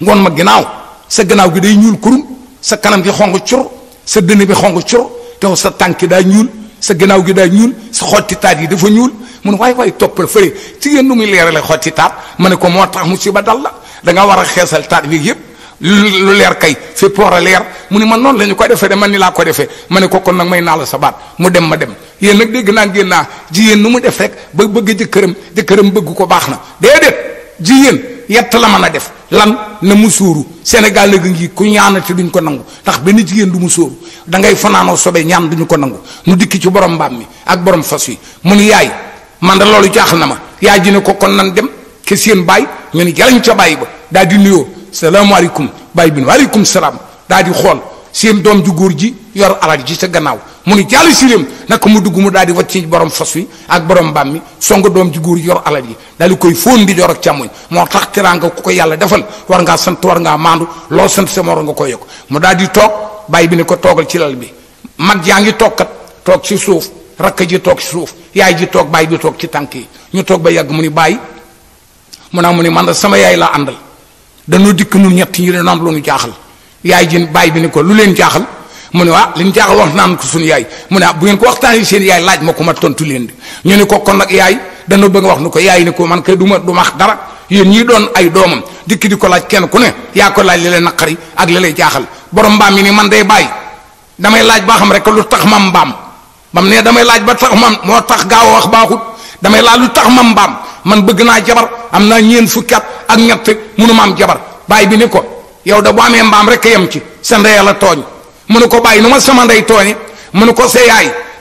ma ginnaaw sa gannaaw gi day ñuul kurum sa kanam gi xong cur sa dënn bi xong cur te sa tànki daa ñuul sa gannaaw gi daa ñuul sa xotti taat yi dafa ñuul mun ne waay waay toppal fële ci yéen nu muy leerale xotti taat ma ne ko moo tax mu si ba dal la da nga war a xeesal taat bi yëpp lu leer kay fi poor a leer mu ne man noonu la ñu koy defee de man ni laa ko defee ma ne ko kon nag may naa la sa baat mu dem ma dem yéen nag dégg naa génn naa jigéen nu mu def rek ba bëgg jëkkëram jëkkëram bëgg ko baax na déedéet jigéen yett la mën a def lan na mu sóoru Sénégal léegi ngi ku ñaana ci duñ ko nangu ndax benn jigéen du mu sóoru da ngay fanaanoo sobe ñaan duñu ko nangu nu dikk ci borom mbaam mi ak borom fas yi mu ni yaay man da loolu jaaxal na ma yaay ji ne ko kon nan dem ke seen baay ñu ni jalañ ca baay ba daal di nuyoo salaamaaleykum baay bi waaleykum salaam daal di xool seen doom ju góor ji yor alal ji ca gannaaw mu ni jàll siréem naka mu dugg mu daal di wàcc borom fas wi ak borom mbaam mi song doom ji góor yor alal ji daal di koy foo di joor ak càmmoñ moo tax teraanga ku ko yàlla defal war ngaa sant war ngaa maandu loo sant sa moroom nga koy yokk mu daal di toog bàyyi bi ne ko toogal ci lal bi mag yaa ngi toog kat toog ci suuf rakk ji toog ci suuf yaay ji toog bàyyi bi toog ci tànk yi ñu toog ba yàgg mu ni bàyyi mu naa mu ni man sama yaay la àndal dañoo dikk ñun ñett ñi dañoo am lu ñu jaaxal yaay ji bàyyi bi ni ko lu leen jaaxal mu ne waa liñ jaaxal wax naan ko suñu yaay mu ne ah bu ngeen ko waxtaanee seen yaay laaj ma ko ma tontu leen di ñu ne ko kon nag yaay dana bëgg wax nu ko yaay ne ko man kay du ma du ma wax doon ay doomam dikki di ko laaj kenn ku ne yaa ko laaj li lay ak li lay jaaxal borom mbaam yi ni man day bàyyi damay laaj ba xam rek lu tax mam mbaam bam ne damay laaj ba tax mam moo tax gaaw wax baaxut damay laaj lu tax mam mbaam man bëgg naa jabar am naa ñeen fukki at ak ñett mënu ma am jabar bàyyi bi ni ko yow da boo amee mbaam rek a yem ci sa ndey la tooñ mu ne ko bàyyi nu ma sama ndey tooñe mu ne ko sa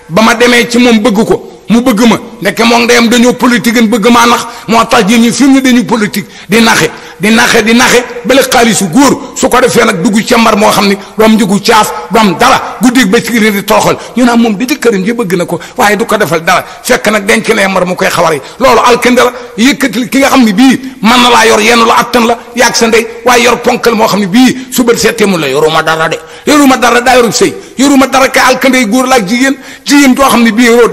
ba ma demee ci moom bëgg ko mu bëgg ma nekk moom ndeyam dañoo politique an bëgg maa nax moo tax ñun ñi fi mu ne dañu politique di naxe di naxe di naxe bale xaalisu góor su ko defee nag dugg ca mbar moo xam ni du am njëgu caaf du am dara guddeeg ba ci di toroxal ñu na moom di jëkkëram ji bëgg na ko waaye du ko defal dara fekk nag denc ne mbar mu koy xawar yi loolu alkande la yëkkati ki nga xam ne bii mën na laa yor yenn la attan la yaag sa ndey waaye yor ponkal moo xam ne bii su bët seetee mu la yoruma dara de yoruma dara daa yorum sëy yoruma dara kay alkande góor la ak jigéen jigéen doo xam ne bii yoroo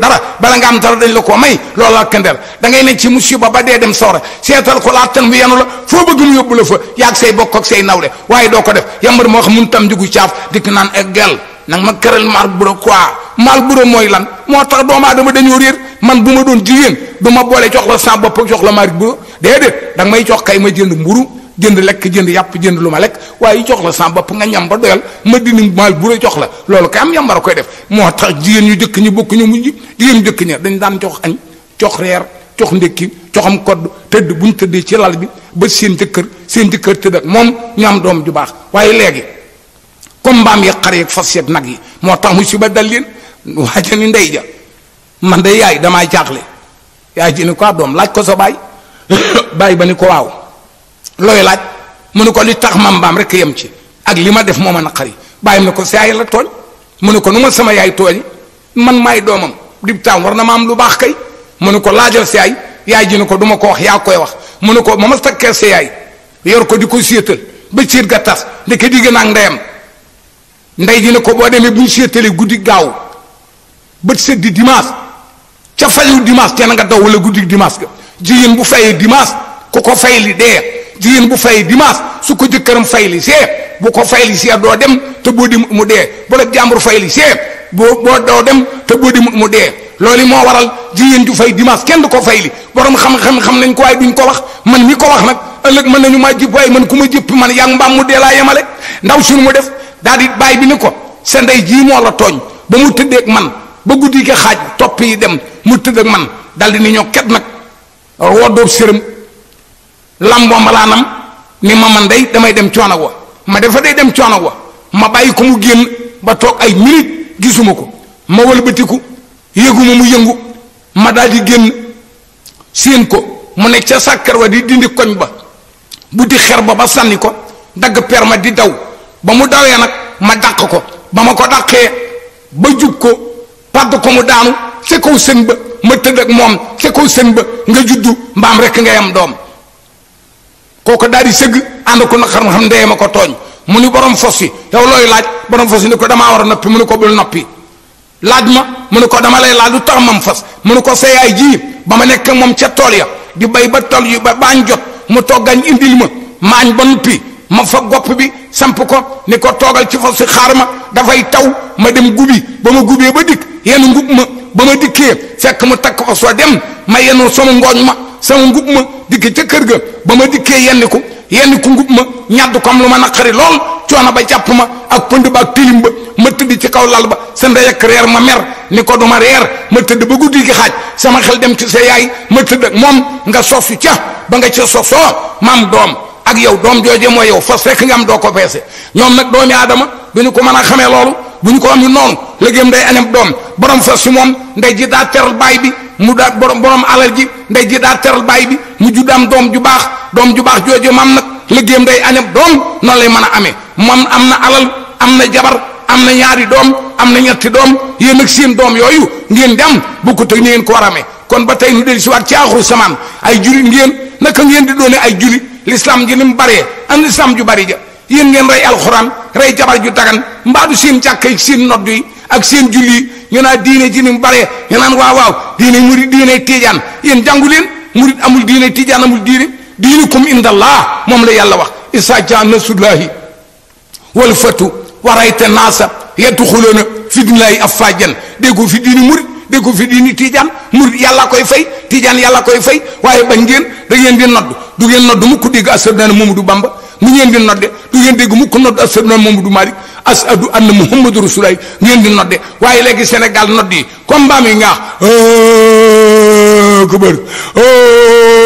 nga am dara dañ la ko may loola këndeel da ngay ne ci musiba ba dee dem soore seetal ko laatan mu yenu la foo bëgg mu yóbbu la fa yaag bokk ak say nawle waaye doo ko def yambar moo xam mun tam digu caaf dikk naan ak eh, gel nag ma këral mal buro quoi mal buro mooy lan moo tax doomu aadama dañoo réer man bu ma doon jigéen du ma boole jox la sa bopp jox la mal buro déedéet da nga may jox kay ma jënd mburu jënd lekk jënd yàpp jënd lu ma lekk waaye jox la sama bopp nga ñam ba doyal ma dindi maal bu la jox la loolu kay am yàmbara koy def moo tax jigéen ñu jëkk ñu bokk ñu mujj jigéen ñu jëkk ña dañ daan jox añ jox reer jox ndékki joxam kodd tëdd bu ñu tëddee ci lal bi ba seen jëkkër seen jëkkër tëdd ak moom ñu am doom ju baax waaye léegi comme mbaam yi xar yeeg fas yeeg nag yi moo tax mu ba dal leen waaja ni ndey ja man de yaay damaa jaaxle yaay ji ni ah, laaj ko ba ni ko waaw looy laaj mu ne ko li tax mam baam rek yem ci ak li ma def moo ma naqari bàyyim ne ko si yaay la tool mu ne ko nu ma sama yaay tooñ man may doomam dib taam war na ma am lu baax kay mu ne ko laajal si yaay yaay ji ko du ko wax koy wax mu ne ko ma ma takkee sa yor ko di ko séetal ba ciit ga tas ndeke a naag ndeyam ndey ji ne ko boo demee bu ñu séetalee guddi gaaw bët sedd di dimanche ca fayu dimanche te na nga daw wala guddi dimanche ga jigéen bu fayee dimanche ku ko fay li dee jigéen bu fay dimanche su ko jëkkëram fay li see bu ko fay li see doo dem te boo di mu dee bu la jàmbur fay li see boo boo doo dem te boo di mu dee loolu moo waral jigéen ju fay dimanche kenn du ko fay li borom xam-xam xam nañ ko waaye duñ ko wax man mi ko wax nag ëllëg mën nañu maa jëpp waaye man ku ma jëpp man yaa ngi mbaam mu dee laa yemale ndaw suñu mu def daal di bàyyi bi ni ko sa ndey jii moo la tooñ ba mu tëddeeg man ba guddi gi xaaj topp yi dem mu tëdd man dal di ni ñoo ket nag woddoob sërëm lamboo mbalaanam ni ma man dey damay dem coono wa ma dafa day dem coono wa ma bàyyi ko mu génn ba toog ay minute gisuma ko ma wëlbatiku yëguma mu yëngu ma daal di génn séen ko mu nekk ca sàkkar wa di dindi koñ ba bu di xer ba ba sanni ko dagg per ma di daw ba mu dawee nag ma dàq ko ba ma ko dàqee ba jub ko padd ko mu daanu ca kaw sën ba ma tëdd moom ca kaw sën ba nga juddu mbaam rekk ngay am doom ko daal di sëgg ànd ko naqar ma xam ndeye ma ko tooñ mu ni borom fos yi yow looy laaj borom fos yi ni ko damaa war a noppi mu ni ko bul noppi laaj ma mu ni ko dama lay laaj lu tax mam fas mu ni ko sa yaay ji ba ma nekk moom ca tool ya di bay ba tool yi ba baañ jot mu toggañ indil ma maañ ba noppi ma fa gopp bi samp ko ni ko toogal ci fas si xaar ma dafay taw ma dem gubi ba ma gubee ba dikk yenn ngub ma ba ma dikkee fekk mu takk fa soo dem ma yenu sama ngooñ ma sama ngub ma dikk ca kër ga ba ma dikkee yenniku yenniku ngub ma ñàdd ko am lu ma naqari lool coono ba jàpp ma ak pënd ba ak tilim ba ma tëdd ci kaw lal ba sa ndey ak reer ma mer ni ko duma reer ma ba guddi gi xaaj sama xel dem ci sa yaay ma tëdd moom nga sosu ca ba nga ca sosoo maam doom ak yow doom jooje mooy yow fas fekk nga am doo ko peese ñoom nag doomi aadama du ñu ko mën a xamee loolu bu ñu ko am yu noonu légume day añam doom borom fas si moom ndey ji daa teral baay bi mu daa borom borom alal ji ndey ji daa teral baay bi mu judd am doom ju baax doom ju baax jooju maam nag légume day añam doom noonu lay mën a amee moom am na alal am na jabar am na ñaari doom am na ñetti doom yéen ak seen doom yooyu ngeen di am bu ko teg ni ngeen ko war a amee kon ba tey nu del si waat ci aaxuru samaan ay jullit ngeen naka ngeen di doone ay jullit l'islam ji ni mu baree am l'islam ju bari ja yéen ngeen rey alxuraan rey jabar ju dagan mbaadu seen jàkka yi seen nodd yi ak seen julli ñu naan diine ji ni mu baree waaw waaw diine murid diine tiijaan yéen jàngu leen murid amul diine tiijaan amul diine diinukum indallah moom la yàlla wax isa ja nasullahi wal fatu warayta naasa yadxuluuna fi dinillahi afwajan déggoo fi diini murid déggoo fi diini tiijaan murid yàlla koy fay tiijaan yàlla koy fay waaye bañ ngeen da ngeen di nodd du ngeen nodd mukk dégg asar dana Mamadu Bamba ni ngeen di nodde du ngeen dégg mu ko nodd ashadu an Muhammadu Malik ashadu anna Muhammadu Rasulullah ngeen di nodde waaye léegi Sénégal nodd yi comme mbaam yi ngaax kubar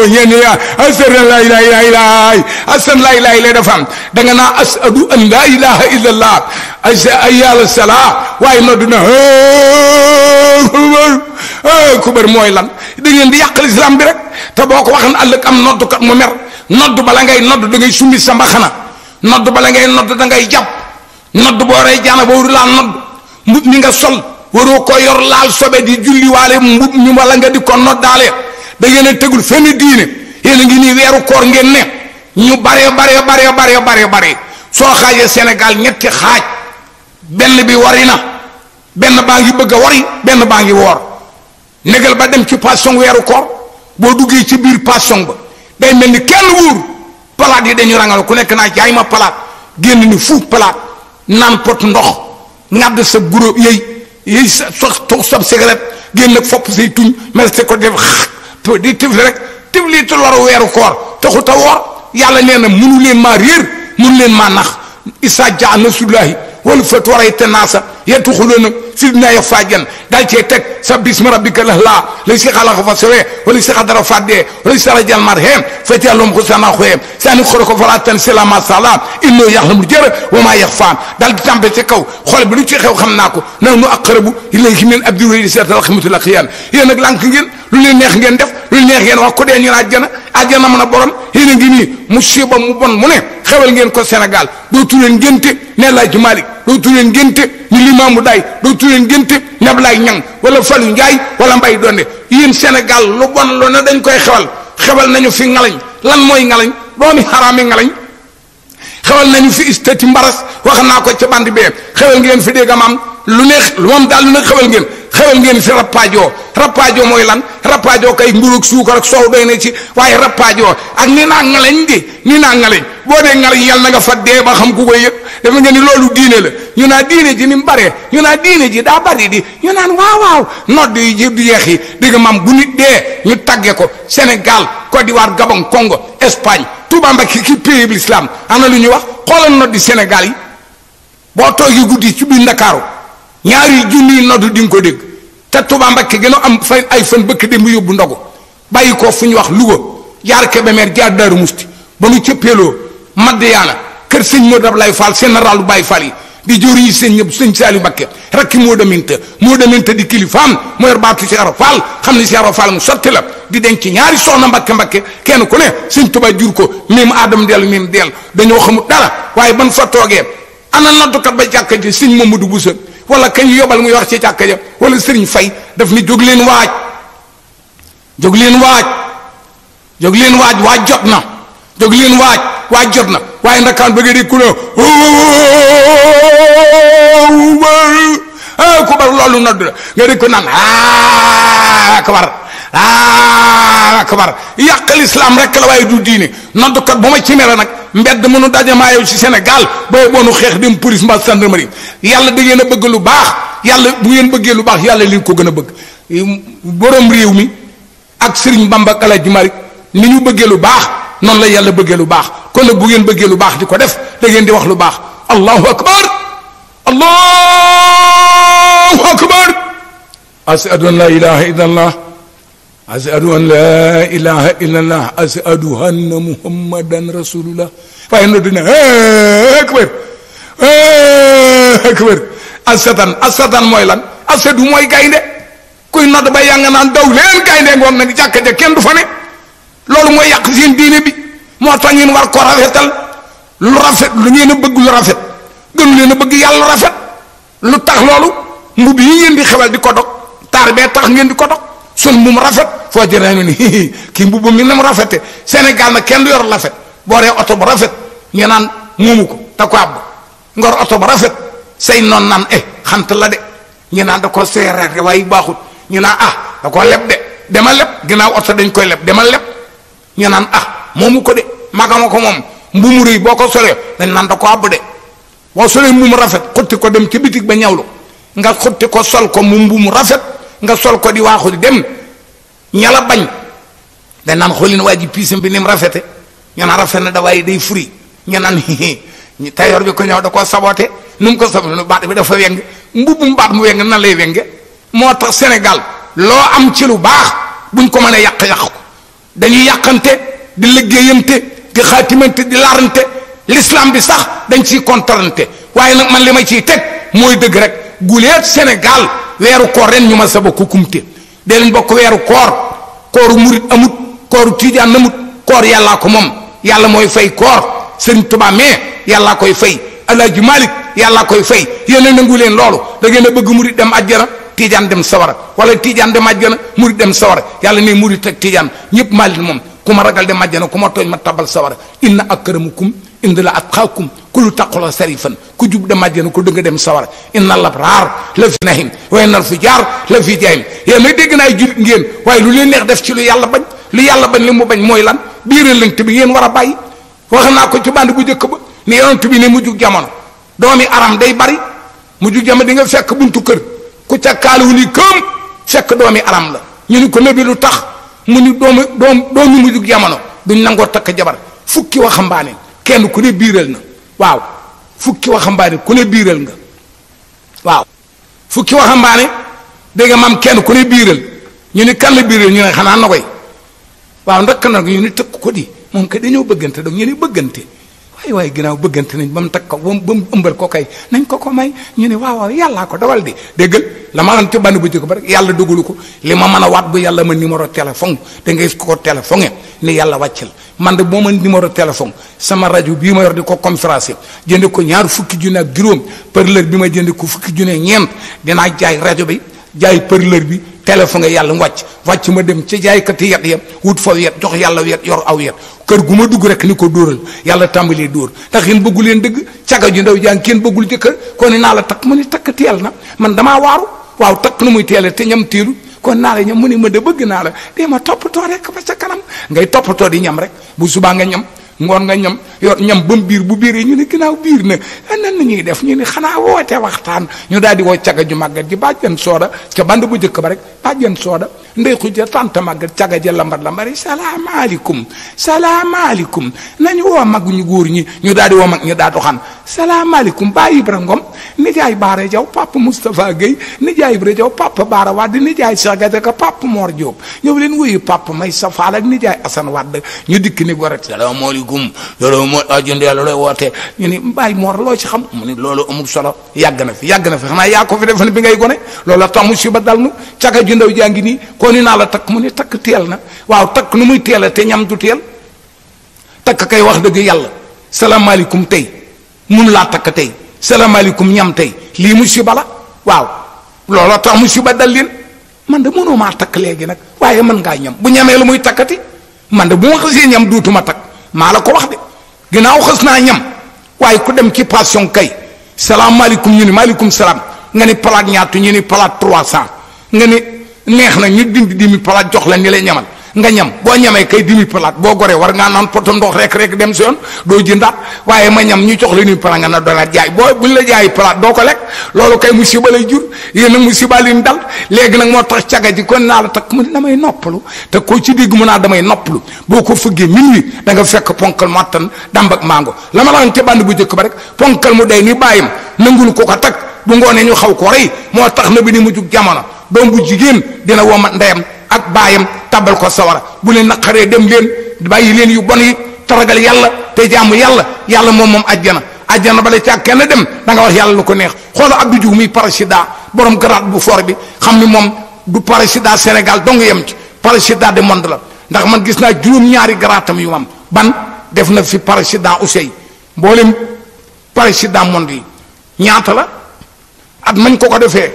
ñeen ni yaa ashadu an laa ilaaha illallaah da nga naa ashadu an laa ilaaha illallaah hayya ala salaa waaye nodd na kubar kubar mooy lan da ngeen di yàqal islam bi rek te boo ko waxan àllëg am noddukat mu mer nodd bala ngay nodd da ngay summi sa mbaxana nodd bala ngay nodd dangay ngay jàpp nodd boo rey jaana booru laa nodd mbub mi nga sol waroo ko yor laal sobe di julliwaale mbub mi wala nga di ko noddaale da ngeen a tegul fenn diine yéen a ngi nii weeru koor ngeen ne ñu baree baree baree baree baree baree soo xaajee Sénégal ñetti xaaj benn bi wari na benn baa ngi bëgg a wari benn baa ngi woor négal ba dem ci passion weeru koor boo duggee ci biir passion ba day mel ni kenn wuur palaat yi dañu rangal ku nekk naa jaay ma palaat génn ni fu palaat naan pot ndox ngàdd sa guro yëy yëy sa sox sab cigarette génn ak fopp say tuñ mel te ko def di tifli rek tifli te loru weeru koor te xuta woor yàlla nee na munu leen maa réer munu leen maa nax isaa ja nasulahi wal fat warayta naasa yadxuluuna fi diinillaahi afwaajan daal cee teg sabbihisma rabbikal a'laa lazii xalaqa fasawaa la qaddara fa'adaa walazii tarajjal mar'aa faja'alahum xusnaa ma'waa saani xoro ko falaa tansa illaa maa shaa Allaah innahu ya'lamul jarra wa maa yaxfaa daal di tàmbale ci kaw xool bi lu ci xew xam naa ko nahnu aqrabu ilayhi min abdil wariid yéen nag lànk ngeen lu leen neex ngeen def lu leen neex ngeen wax ko dee ñu ne àjjana àjjana mën a borom yéen a ngi nii musiba mu bon mu ne xewal ngeen ko Sénégal dootu leen ngénte ne laaj Malick dootu leen ngénte ni Limaamu Laay dootu leen ngénte ni Ablaay Ñang wala Falu Njaay wala Mbay Donde yéen Sénégal lu bon lu ne dañ koy xewal xewal nañu fi ngalañ lan mooy ngalañ doomi xaraami ngalañ xewal nañu fi istati mbaras wax naa ko ca bandi bee xewal ngeen fi dégg am lu neex lu moom daal lu ne xewal ngeen xewal ngeen si rappaajo rappaajo mooy lan rappaajo kay mburu ak suukar soow doy na ci waaye rappaajo ak ni naa ngalañ di ni naa ngalañ boo dee ngalañ yàlla na nga fa dee ba xam ku koy yëg dafa ngeen ni loolu la ñu naa diine ji ñu naa diine ji di ñu naan waaw waaw nodd yi bu nit dee ñu tagge ko senegal Côte d'Ivoire Gabon Congo Espagne Touba Mbacké ki pays bi l'islam ana lu ñuy wax xoolal noddi Sénégal yi boo toogee guddi ci biir Ndakaaru ñaari junniy nodd di nga ko dégg te Touba Mbakke gën a am fay ay fan bëkk de bu yóbbu ndogu bàyyi ko fu ñu wax Louga jaar Kébémer jaar Daaru Musti ba nu cëppeeloo Madiyaana kër sëñ Modou Ablaye Fall général Baye Fall yi di jëriñu sëñ ñëpp sëñ Saliou Mbakke rakki moo deminte moo deminte di kilifaam mu yor baatu Cheikh Ibra Fall xam ne Cheikh Ibra Fall mu sotti la di denc ñaari soxna Mbakke Mbakke kenn ku ne sëñ Touba jur ko même Adam dellu même dell dañoo xamul dara waaye ban fa toogee ana nattukat ba jàkka ji sëñ Mamadou Bousso wala kañ yobal muy yor ci càkk ja wala sëriñ fay daf ni jóg leen waaj jóg leen waaj jóg leen waaj waaj jot na jóg leen waaj waaj jot na waaye ndakaan ba di ku ne ah, ku bar loolu nodd la nga di ko naan ah, akbar ah, akbar yàq lislaam rek la waaye du diine noddkat bu ma ci mere nag mbedd mënu daje maa yow ci Sénégal booy boonu xeex dem police mbaa gendarmerie yàlla da ngeen a bëgg lu baax yàlla bu ngeen bëggee lu baax yàlla li ko gën a bëgg borom réew mi ak Serigne Bamba ak El ni ñu bëggee lu baax noonu la yàlla bëggee lu baax kon nag bu ngeen bëggee lu baax di ko def dageen di wax lu baax allahu akbar allahu akbar ashadu an la ilaha illallah ashadu an laa ilaha illallah ashadu anna muhammadan rasulullah waaye noddu ne akbar akbar asatan asatan mooy lan asadu mooy gaynde kuy nodd ba yaa nga naan daw leen gaynde ngoon nag jàkka ja kenn du fa ne loolu mooy yàq seen diine bi moo tax ngeen war ko rafetal lu rafet lu ngeen a bëgg lu rafet gënu leen a bëgg yàlla rafet lu tax loolu mbubb yi ngeen di xewal di ko dog taar bee tax ngeen di ko dog sol mu rafet foo jëlee ñu ni kii mbubb mi na mu rafete Sénégal na kenn du yor lafet boo dee oto bu rafet ñee naan muumu ko da ko àbb ngor oto bu rafet say noon naan eh, xant la de naan da ko seereer waaye baaxut ñu naan ah da koo leb de dama leb ginnaaw dañ koy leb dama leb ñu naan ah moomu ko de magama ko moom mbuumu rëy boo ko solee dañ naan da ko àbb de boo solee mbuumu rafet xotti ko dem ci bitig ba ñawlu nga xotti ko sol ko mu mbuumu rafet nga sol ko di waaxu di dem ñala bañ dañ naan xoolin waa ji piisam bi ni mu rafete ñu naan rafet na da waaye day furi ñu naan tayoor bi ko ñëw da koo saboote nu mu ko saboote nu baat bi dafa weng mbubbum baat mu weng nan lay wenge moo tax Sénégal loo am ci lu baax buñ ko mënee yàq-yàq ko dañuy yàqante di liggéeyante di xaatimante di laarante l'islam bi sax dañ ciy kontarante waaye nag man li ma ciy teg mooy dëgg rek guleet Sénégal weeru koor ren ñu ma sa bokk kumte dee leen bokk weeru koor kooru murit amut kooru tiijaan mut koor yàllaa ko moom yàlla mooy fay koor sëriñ Tuubaa mais yàllaa koy fay alaaji Malik yàllaa koy fay yéen a nangu leen loolu da ngeen a bëgg murit dem àjjana tiijaan dem sawara wala tiijaan dem àjjana murit dem sawara yàlla ne murit ak tiijaan ñëpp Malik moom ku ma ragal dem àjjana ku ma tooñ ma tabal sawara inna akramakum inda la atqaakum ku lu seri sarifan ku jub de àjjana ku dëgg dem sawara inna labraar la fi nahim na inna jaar la fi jahim yéen nag dégg naa jullit ngeen waaye lu leen neex def ci lu yàlla bañ lu yàlla bañ li mu bañ mooy lan biiral lënt bi ngeen war a bàyyi wax naa ko ci bànd bu njëkk ba ni yonent bi ne mujjug jamono doomi aram day bari mujjug jamono di nga fekk buntu kër ku ca kaaliwu ni këëm fekk doomi aram la ñu ni ko nabi lu tax mu ni doomu doom doom ñu mujj jamono duñ nangoo takk jabar fukki waxambaane kenn ku ne biiral na waaw fukki waxambaane ku ne biiral nga waaw fukki waxambaane dégg nga maam kenn ku ne biiral ñu ni kan la biiral ñu xanaa na koy waaw ndakk nag ñu ni tëkk ko di moom kay dañoo bëggante donc ñu ni bëggante ay waaye ginnaaw bëggante nañ ba mu tag ko ba mu ëmbal ko kay nañ ko ko may ñu ne waaw waaw yàllaa ko dogal di déggal la ma naan ci bànn bu jëkk ba yalla yàlla dogalu ko li ma mën a waat bu yalla ma numéro téléphone da ngay ko téléphoné ni yàlla wàccal man de boo ma numéro téléphone sama rajo bii ma yor di ko conférencier jënd ko ñaar fukki junne ak juróom par l'heure bi ma jënd ko fukki junne ñeent dinaa jaay rajo bi jaay par l'heure bi téléphoné yàlla mu wàcc wàcc ma dem ca jaaykati yet ya wut fa yet jox yàlla yet yor aw yet kër gu ma dugg rek ni ko dóoral yàlla tàmbalee dóor ndax yéen bëggu leen dëgg caga ju ndaw jàng kenn bëggul jëkkër kon ni naa la takk mu ni takk teel na man damaa waaru waaw takk nu muy teele te ñam teelu kon naa la ñam mu ne ma de bëgg naa la dee ma toppatoo rek ba ca kanam ngay toppatoo di ñam rek bu subaa nga ñam ngoon nga ñam yor ñam ba biir bu biiree ñu ne ginnaaw biir na nan la ñuy def ñu ne xanaa woote waxtaan ñu daal di woo caga ju màggat ji bàjjen sooda ca bu njëkk ba rek bàjjen sooda ndey xuja tànt màggat caga ja lambar lambar yi salaamaaleykum salaamaaleykum nañu woo mag ñu góor ñi ñu daal di woo mag ñu daal doxaan salaamaaleykum Baye Ibra Ngom nijaay Baara Jaw papa Moustapha Guèye nijaay Ibra Jaw papa Baara Wade nijaay Cheikh Gadiaga papa Mor Diop ñëw leen wuyu papa may Safaal ak nijaay asan Wade ñu dikk ni gum loolu a ajund yàlla looy wootee ñu ni bàyyi moor loo ci xam mu ni loolu amul solo yàgg na fi yàgg na fi xanaa yaa ko fi defal bi ngay gone loolu la tax musiba dal nu caga ju ndaw jaa ngi nii ko naa la takk mu ni takk na waaw takk nu muy teel te ñam du teel takk kay wax dëgg yàlla salaamaaleykum tey mun laa takk tey salaamaaleykum ñam tey lii musiba la waaw looloo tax musiba dal leen man de mënoo maa takk léegi nag waaye man ngaa ñam bu ñamee lu muy takkati man de bu ma xasee ñam duutuma takk maa la ko wax de ginnaaw xës naa ñam waaye ku dem ci passion kay salaamaaleykum ñu ni maaleykum salaam nga ni palaat ñaatu ñu ni palaat trois cent nga ni neex na ñu dindi dimi palaat jox la ni lay ñamal nga ñam boo ñamee kay dimi palaat boo goree war ngaa naan pot ndox rek rek dem si yoon doo jëndaat waaye ma ñam ñu jox la ni palaat nga na doon jaay boo buñ la jaay palaat doo ko lekk loolu kay musiba lay jur yéen nag musiba leen dal léegi nag moo tax caga ji kon naa la takk mu damay noppalu te koo ci dégg mu naa damay noppalu boo ko fëggee minuit da nga fekk ponkal màttan damb ak mango la ma la bànd bu jëkk ba rek ponkal mu day ni bàyyam nangul ko ko takk bu ngoonee ñu xaw ko rey moo tax na bi ni mujj jamono doom jigéen dina womat ndeyam ak baayam tàbbal ko sawara bu leen naqaree dem leen bàyyi leen yu bon yi taragal yàlla te jaamu yàlla yàlla moom moom ajjana ajjana bale ak kenn dem da nga wax yàlla lu ko neex xoola Abdou Diouf mi président borom grade bu fort bi xam ni moom du président Sénégal dong yem ci président de monde la ndax man gis naa juróom-ñaari garaatam yu am ban def na fi président Ousseye mboolem président monde yi ñaata la at mañ ko ko defee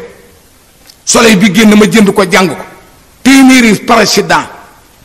soleil bi génn ma jënd ko jàng ko téeméeri président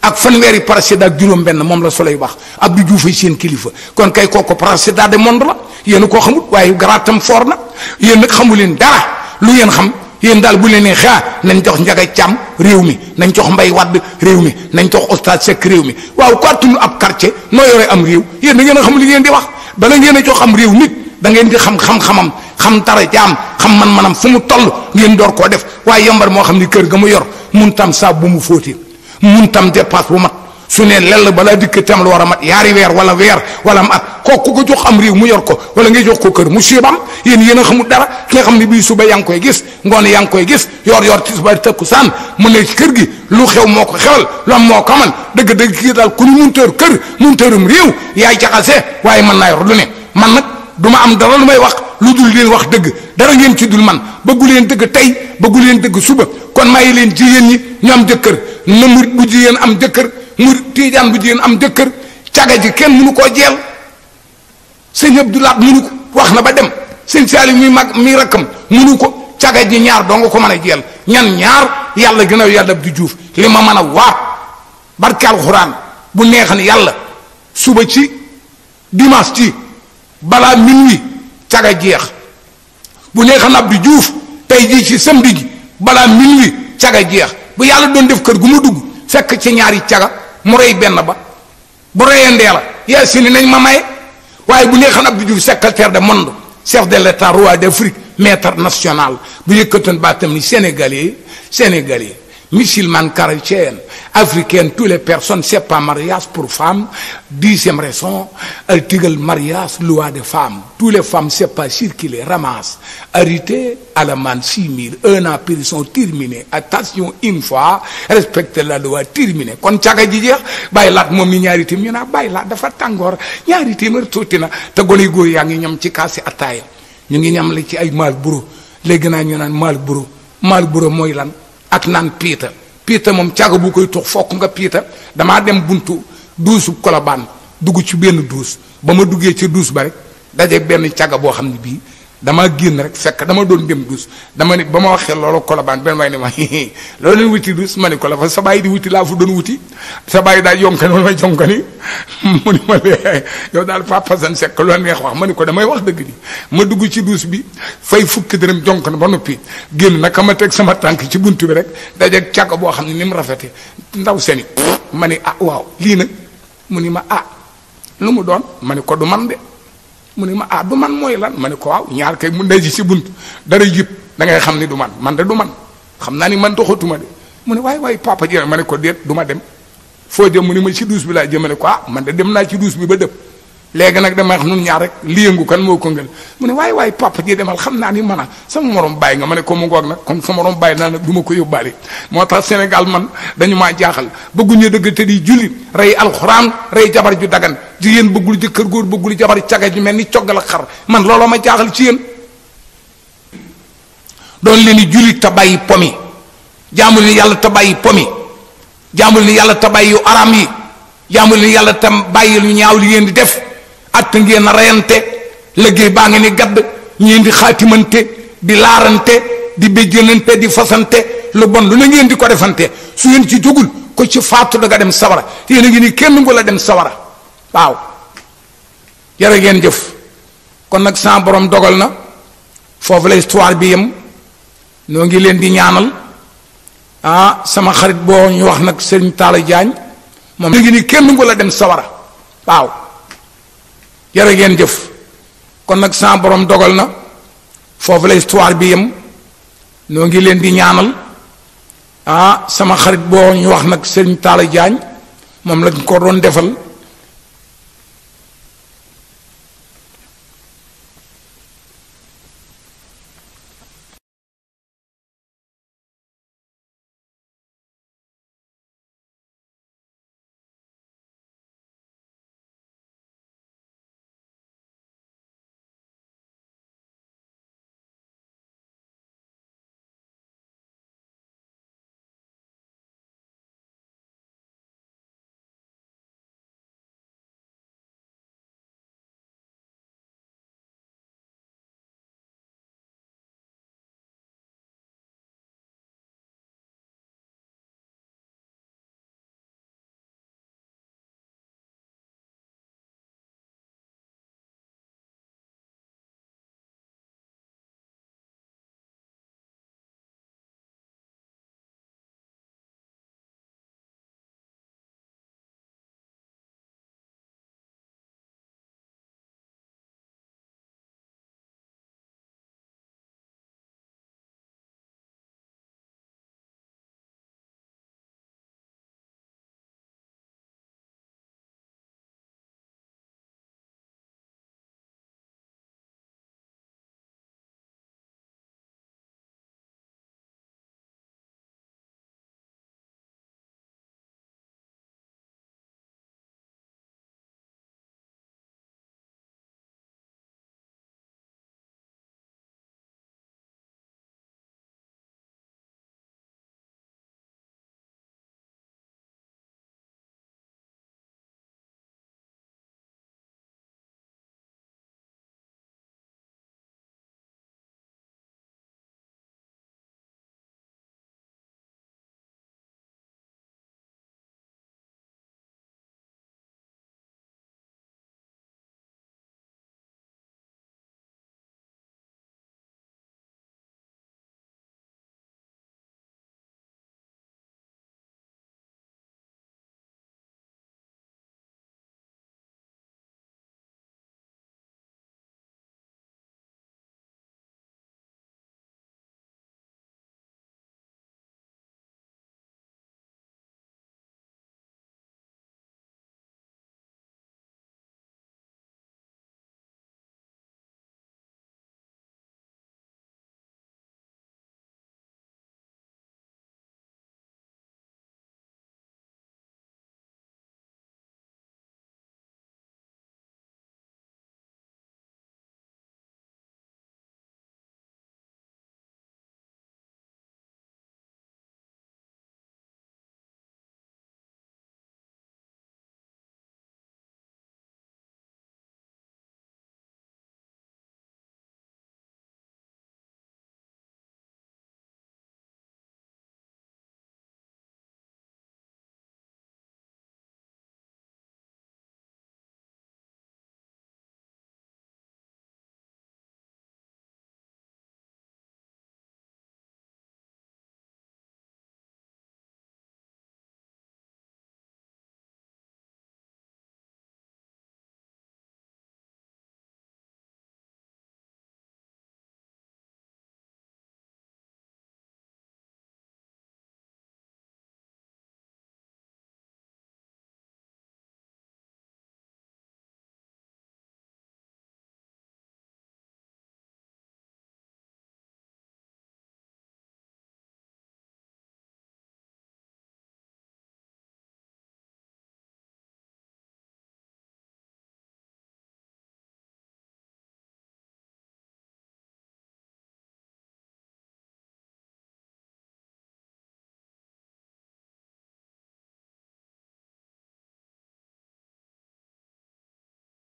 ak fanweeri président ak juróom-benn moom la Soleil wax Abdou Diouf ay seen kilifa kon kay kooku président de monde la yéen koo xamut waaye garaatam foor na yéen nag xamu leen dara lu yéen xam yéen daal bu leen nee xaa nañ jox njaga càmm réew mi nañ jox mbay wadd réew mi nañ jox oustaz Seck réew mi waaw kàttanu ab quartier noo yore am réew yéen da ngeen a xam li ngeen di wax bala ngeen a jox am réew nit dangeen di xam xam-xamam. xam dara jaam xam man-manam fu mu toll ngeen door koo def waaye yambar moo xam ni kër ga mu yor mun tam saab bu mu fóoti mun tam dépasse bu mat su ne lell balaa dikk tam lu war a mat yaari weer wala weer wala am at kooku ko jox am réew mu yor ko wala ngay jox ko kër mu siibam yéen yéen a xamul dara ki nga xam ne bii suba yaa ngi koy gis ngoon yaa ngi koy gis yor-yor ci suba tëkku saan mu ne ci kër gi lu xew moo ko xewal lu moo ko amal dëgg-dëgg kii daal ku ñu munteer kër munteerum réew yaay jaxase waaye mën naa yor lu man nag du ma am dara lu may wax. lu dul leen wax dëgg dara ngeen ci dul man bëggu leen dëgg tey bëggu leen dëgg suba kon maa mayi leen jigéen ñi ñu am jëkkër na murit bu jigéen am jëkkër murit tiijaan bu jigéen am jëkkër caga ji kenn mënu koo jel sëñ Abdou Lahat mënu wax na ba dem sëñ Saliou muy mag muy rakkam mënu ko caga ji ñaar doo ko mën a jeel ñan ñaar yàlla gën a yàlla di juuf li ma mën a waat barke alxuraan bu neexan yàlla suba ci dimanche ci balaa minuit caga jeex bu neexoon Abdou Diouf tey jii ci samedi gi balaa minuit caga jeex bu yàlla doon def kër gu ma dugg fekk ci ñaari caga mu rey benn ba bu reyandee la yaa si ni nañ ma maye waaye bu neexoon Abdou Diouf secrétaire de monde chef de l'état roi d'Afrique maître national bu yëkkatoon baatam ni sénégalais sénégalais. musulmane, chrétienne, africain toutes les personnes, c'est pas mariage pour femmes. Dixième raison, article mariage, loi des femmes. Toutes les femmes, c'est pas sûr qui rite ramassent. six à la manne 6000, un an prison terminé. Attention, une fois, respecte la loi, terminé. Kon caga ji jeex, bàyyi laat moom mi ñaari tim ñu naa ah, bàyyi laat dafa tàngoor ñaari téeméer tuuti na te gone góor yaa ngi ñam ci kaasi attaaya ñu ngi ñam li ci ay Marlboro léegi naa ñu nan naan Marlboro Marlboro mooy lan ak naan piita piita moom caaga bu koy toog fokk nga piita damaa dem buntu duusu kolobaan dugg ci benn duus ba ma duggee ci duus ba rek daje benn caaga boo xam ne bii damaa génn rek sekk dama doon dem dus dama ne ba ma waxee loolu kolobaan benn waay ne ma loolu leen wuti dus ma ne ko la fa sa bàyyi di wuti laa fu doon wuti sa bàyyi daal yonkani wala may jonkani mu ni daal Papa Assane Seck lu la ma ne ko damay wax dëgg di ma dugg ci dus bi fay fukki dërëm jonk na ba noppi génn naka ma teg sama tànk ci bunt bi rek dajeeg càkk boo xam ne ni mu rafete ndaw seni ma ni ah waaw lii nag mu ni ma ah lu mu doon ma ne ko du man de mu ne ma ah du man mooy lan ma ne ko waaw ñaar kay mu ndaji si bunt dara jib da ngay xam ni du man man de du xam naa ni man doxatuma de mu ne waay waay papa ji ma ne ko déet duma dem foo jëm mu ni ma si duus bi laa jëm ma ne ko ah man de dem naa ci duus bi ba dëpp léegi nag damay wax nun ñaar rek li yëngu kan moo ko ngën mu ne waaye waaye papa ji demal xam naa ni man a sama morom bàyyi nga ma ne ko mu ngoog nag kon sama morom bàyyi naa nag du ma ko yóbbaale moo tax senegal man dañu maa jaaxal bëgguñu dëgg te di julli rey alxuraan rey jabar ju dagan jigéen bëggul jëkkër góor bëggul jabar caga ju mel ni coggal ak man looloo ma jaaxal ci yéen doon leen di julli te bàyyi pomi jaamul ni yàlla ta bàyyi pomi jaamul yi yàlla te bàyyi yu araam yi jaamul ni yàlla te bàyyi lu ñaaw li ngeen di def att ngeen reyante liggéey baa ngi ni gadd ñeen di xaatimante di laarante di béjjénante di fasante lu bon lu na ngeen di ko defante su ngeen ci jógul ko ci faatu da dem sawara yéen a ngi ni kenn ngu la dem sawara waaw yara ngeen jëf kon nag sa borom dogal na foofu la histoire bi yem noo ngi leen di ñaanal ah sama xarit boo ñu wax nag sëriñ Talla moom la ngi ni kenn ngu la dem sawara waaw jërë ngeen jëf kon nag sa borom dogal na foofu la histoire bi yem noo ngi leen di ñaanal ah sama xarit boo ñu wax nag sëriñ taala Diagne moom lañ ko doon defal